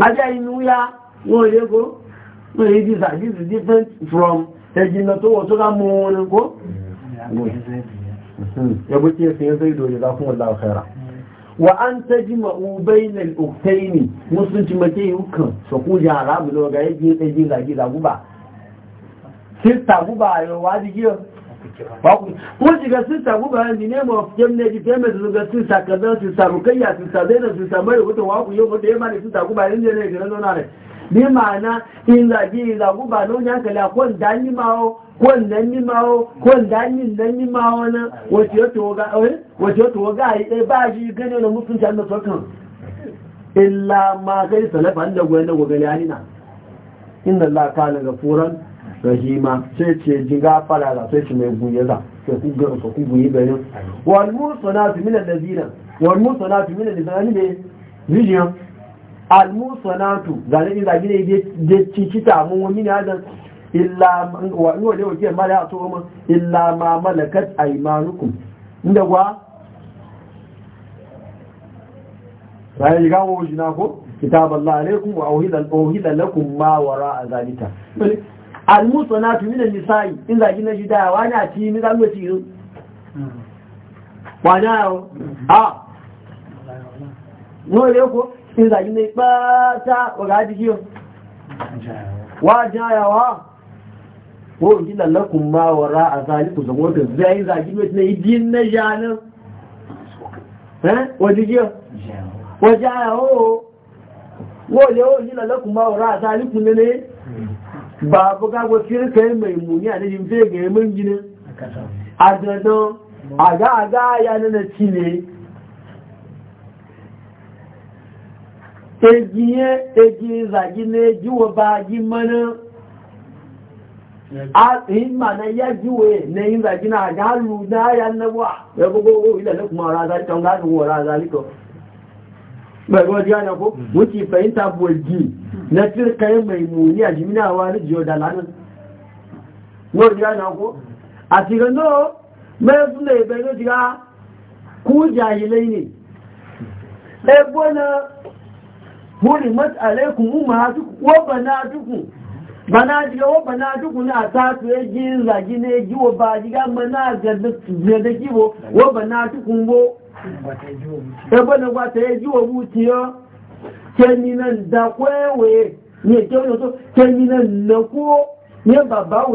ajá inú yá wọ́n lè kó wọ́n lè dí sàdísì different from ẹjìnà tó wọ́n tó ká mú wọn kó yi zai dole zafin wallahu khaira wa an ta ji ma'ubai na uktaini musulunci yi hukun su ga yi kun shiga sun samu bayan ne ma jem ne jife mai zuga sun sa kaza sun sa rukayya sun sa zai sun sa mai rubutun waku yau da yamma ne sun samu bayan ne ne gina zauna ne ni ma'ana in zagi in zagu ba nan ya kala ko da ni mawo ko nan ni mawo ko da ni nan ni mawo na wace to ga eh wace to ga ai eh, dai ba shi gane na mutunci Allah sokan illa ma kai salafan da gwanin gwanin alina inna Allah kana gafuran rahima sai ce jin gafara da sai ce mai gunye za sai ku gunye ganin wal musana fi min allazina wal musana fi min allazina ne rijiyan al musana tu da ne da gine je cicita mun wani ne hadan illa wa ni wale wake mala a tsoma illa ma malakat aymanukum inda gwa sai ga wo jina ko kitab Allah alaikum wa auhila lakum ma wara'a zalika almusu na tuni da nisa'i in zagi na shida wani a cikin nizan da cikin wani a no ile ko in zagi na ipata waga jiki wa jayawa ko in ji lallakun ma wara a zaliku zan wata zai zagi na yi idin na janin wajiyo wajayawa wo le o ji lallakun ma wara a zaliku ne ne babu gago firka mai muni a nijin fiye ga yamin ginin a dadan a ga a ga ya nana ci ne egiye egi zagi ne jiwa ba gi mana a yin mana ya jiwe na yin zagi na ga halu na ya nabuwa ya gugu ila na kuma raza ta ga raza liko ɓarɓar jiya na ko wuce fahimta buwar ji na cirkai mai muni a jimina wa rijiyo da lanin wọ́n jiya na ko a cikin zo mai suna ne jiya ku jahilai ne ebo na huri matsalaikun mu ma bana a ji ne ji wa ga ebe na gbata eji owu ya. kemina dakwewe ne kemina kemina nakuo nye baba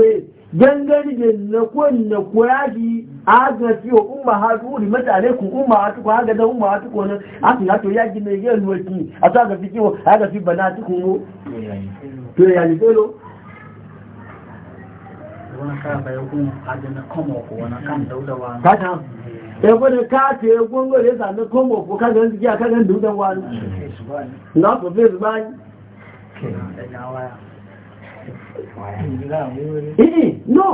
gangari da nakuo nakuo ya ji aga fi o umma ha duri mata umma ha tuko umma a ya ne ki a aga fi kiwo ẹgbẹ́ ni káàkiri egun ló lè zàmí kó mọ̀ fún káàkiri ti kí akáàkiri dùn wa ní lọ́pọ̀ fèsì báyìí ìdí náà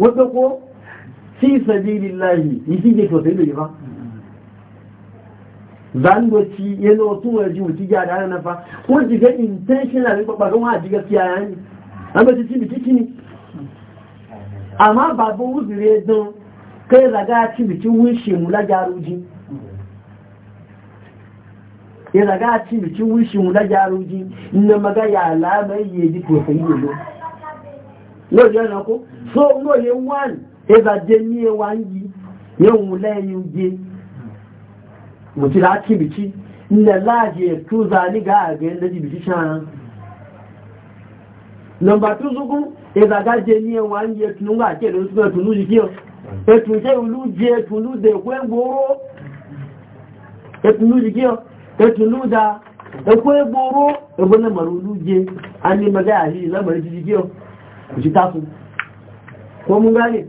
wọ́n tó kó sí ìsẹ̀bí ìlàyì ìsíje tó sílò ìfá zango ci yana otu wajen wuci na fa ko ji ga intentional ne babban wa ji gaskiya yani an ba ci ci biki amma babu kai zaga ci bikin wishe mula jaruji ya zaga ci bikin wishe mula jaruji na maga ya alamai ya ji to sai yi lo no ya na ko so no ye wan e za je ni e wangi ye mula yin je mo ti la ci bikin na laje tu za ni ga ga na ji bikin shan number 2 zugun e zaga je ni e wangi e tununga ke lo su tunu ji kiyo ètùnṣẹ́ ìlú jẹ ètùnlú dẹ̀kwẹ́ gbòòrò ètùnlú jẹ ètùnlú da ẹkwẹ́ gbòòrò ìlú jẹ a ní mẹ́gá àrí ìlẹ́mọ̀rẹ́ jẹ́ òṣìtàkù kó mú gáyé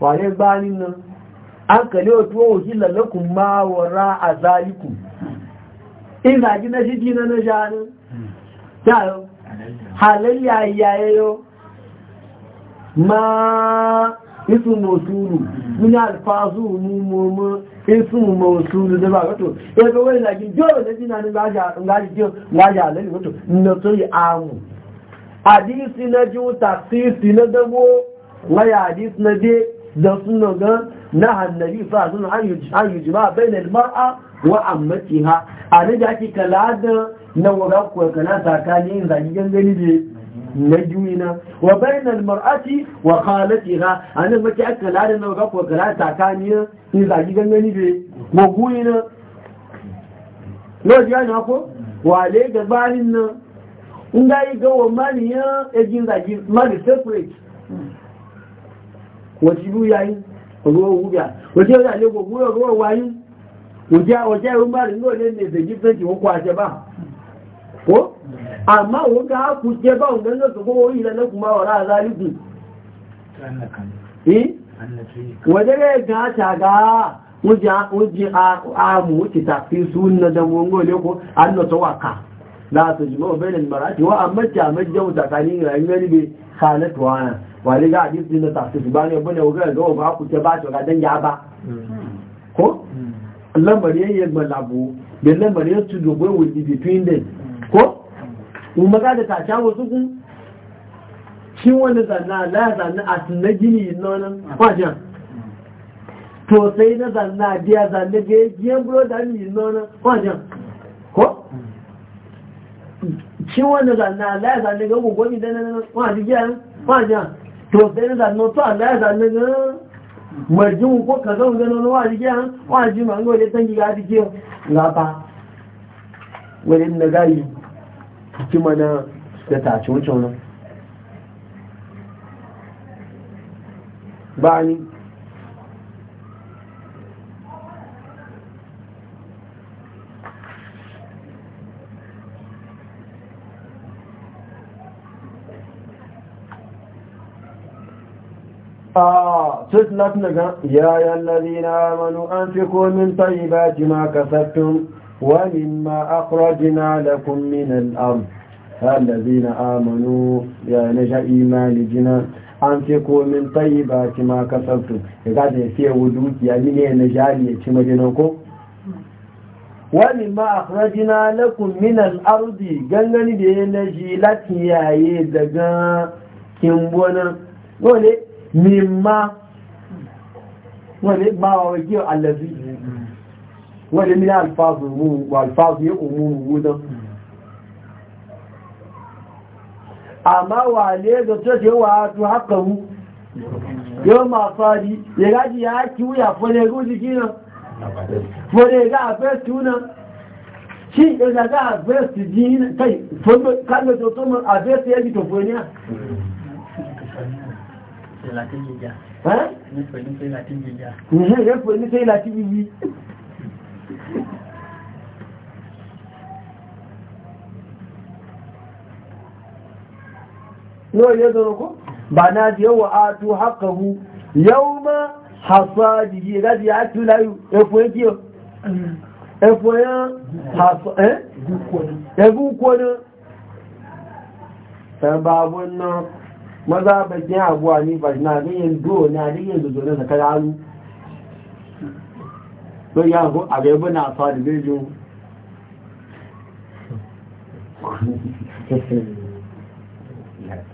wàlẹ́ bá nínú an kàlẹ́ òtú sí lọ́lọ́kùn máa náà sí jí náà náà ṣáà ní ma isu motulu mini alfazu mummumu isu motulu da ba wato ya ga wani lagin jiyo da jina ni ngaji jiyo ngaji alali wato na so yi amu hadisi na jiwu tasisi na dabo waya hadisi na je da suna ga na hannabi sa sun an yi jima bayan almar'a wa ammatiha a da ake kala da na tsakanin zagigen gani na juyina wa bainal mar'ati wa khalatiha anan mace aka lada na ga ko kala takaniya ni zagi gangani be ko guyina lodi ana ko wa le gabanin nan in ga yi gawo mani e jin zagi mani separate wati bu yayin ruwa wuya wati ya le ko guri ruwa wayin wati ya wati ya rumba ne ne da gifanci ko kwace ba ko amma wanda haku je ba wanda zai zuba wani na kuma wara zalibi wadda ya gata ga wuji amu wuce tafi suna da mongole ko an na tawaka la su jima wa bayanin marati wa amma jami'ai jamu tsakanin rayuwar ne halatuwa na wani ga hadisi na tafi su bane bane wuga ga wa haku ce ba ta ga dan ya ba ko lamarin yayin malabu da lamarin su dogon wuce between them ko mu maga da tasha wasu kun shi wani zanna la zanna a tunna gini nonon to sai na zanna biya zanna ga yajiyan buro da nonon kwajan ko shi wani zanna la zanna ga gugu ni dana kwajan kwajan to sai na zanna to la zanna ga marjin ko kaza na wajen wajen tangi ga ba wani na ki mana da tace wucin nan bani ستلت لك يا أيها الذين آمنوا أنفقوا من طيبات ما كسبتم ومما أخرجنا لكم من الأرض الذين آمنوا يا نجا إيمان جنا أنفقوا من طيبات ما كسبتم إذا في ودود يعني نجا ليتم جنوكم ومما أخرجنا لكم من الأرض جنن دي نجي لك يا يدغا كمبونا ولي مما ولي ما وجه الذي wọ́n wale da alfáàzù yẹ́ òmúrù wúdán àmá wà lẹ́gbẹ̀ tó ṣe wà tó hákàrú yóò máa fàájí ìrájí ya kí wúyà fọ́lẹ̀gú sí kí náà fọ́lẹ̀gá àfẹ́sù náà ṣí ìrìnàgá àfẹ́sù jí náà kálẹ̀ tó tó mọ́ àfẹ́sù ẹ́jì tó fọ́ ní à Ìrẹ́fẹ̀ẹ́ ní sí ìlàtí jíjá. no ya zo ko ba na ji yawa atu haqqahu yawma hasadihi gadi ya tu layu e fo kiyo e fo ya haso eh e gu ko ne ta babu no maza bakin abuwa ni ba na ne yin do na ne yin zo ne zakara alu don ya ko a gaba na fa da bidiyo Thank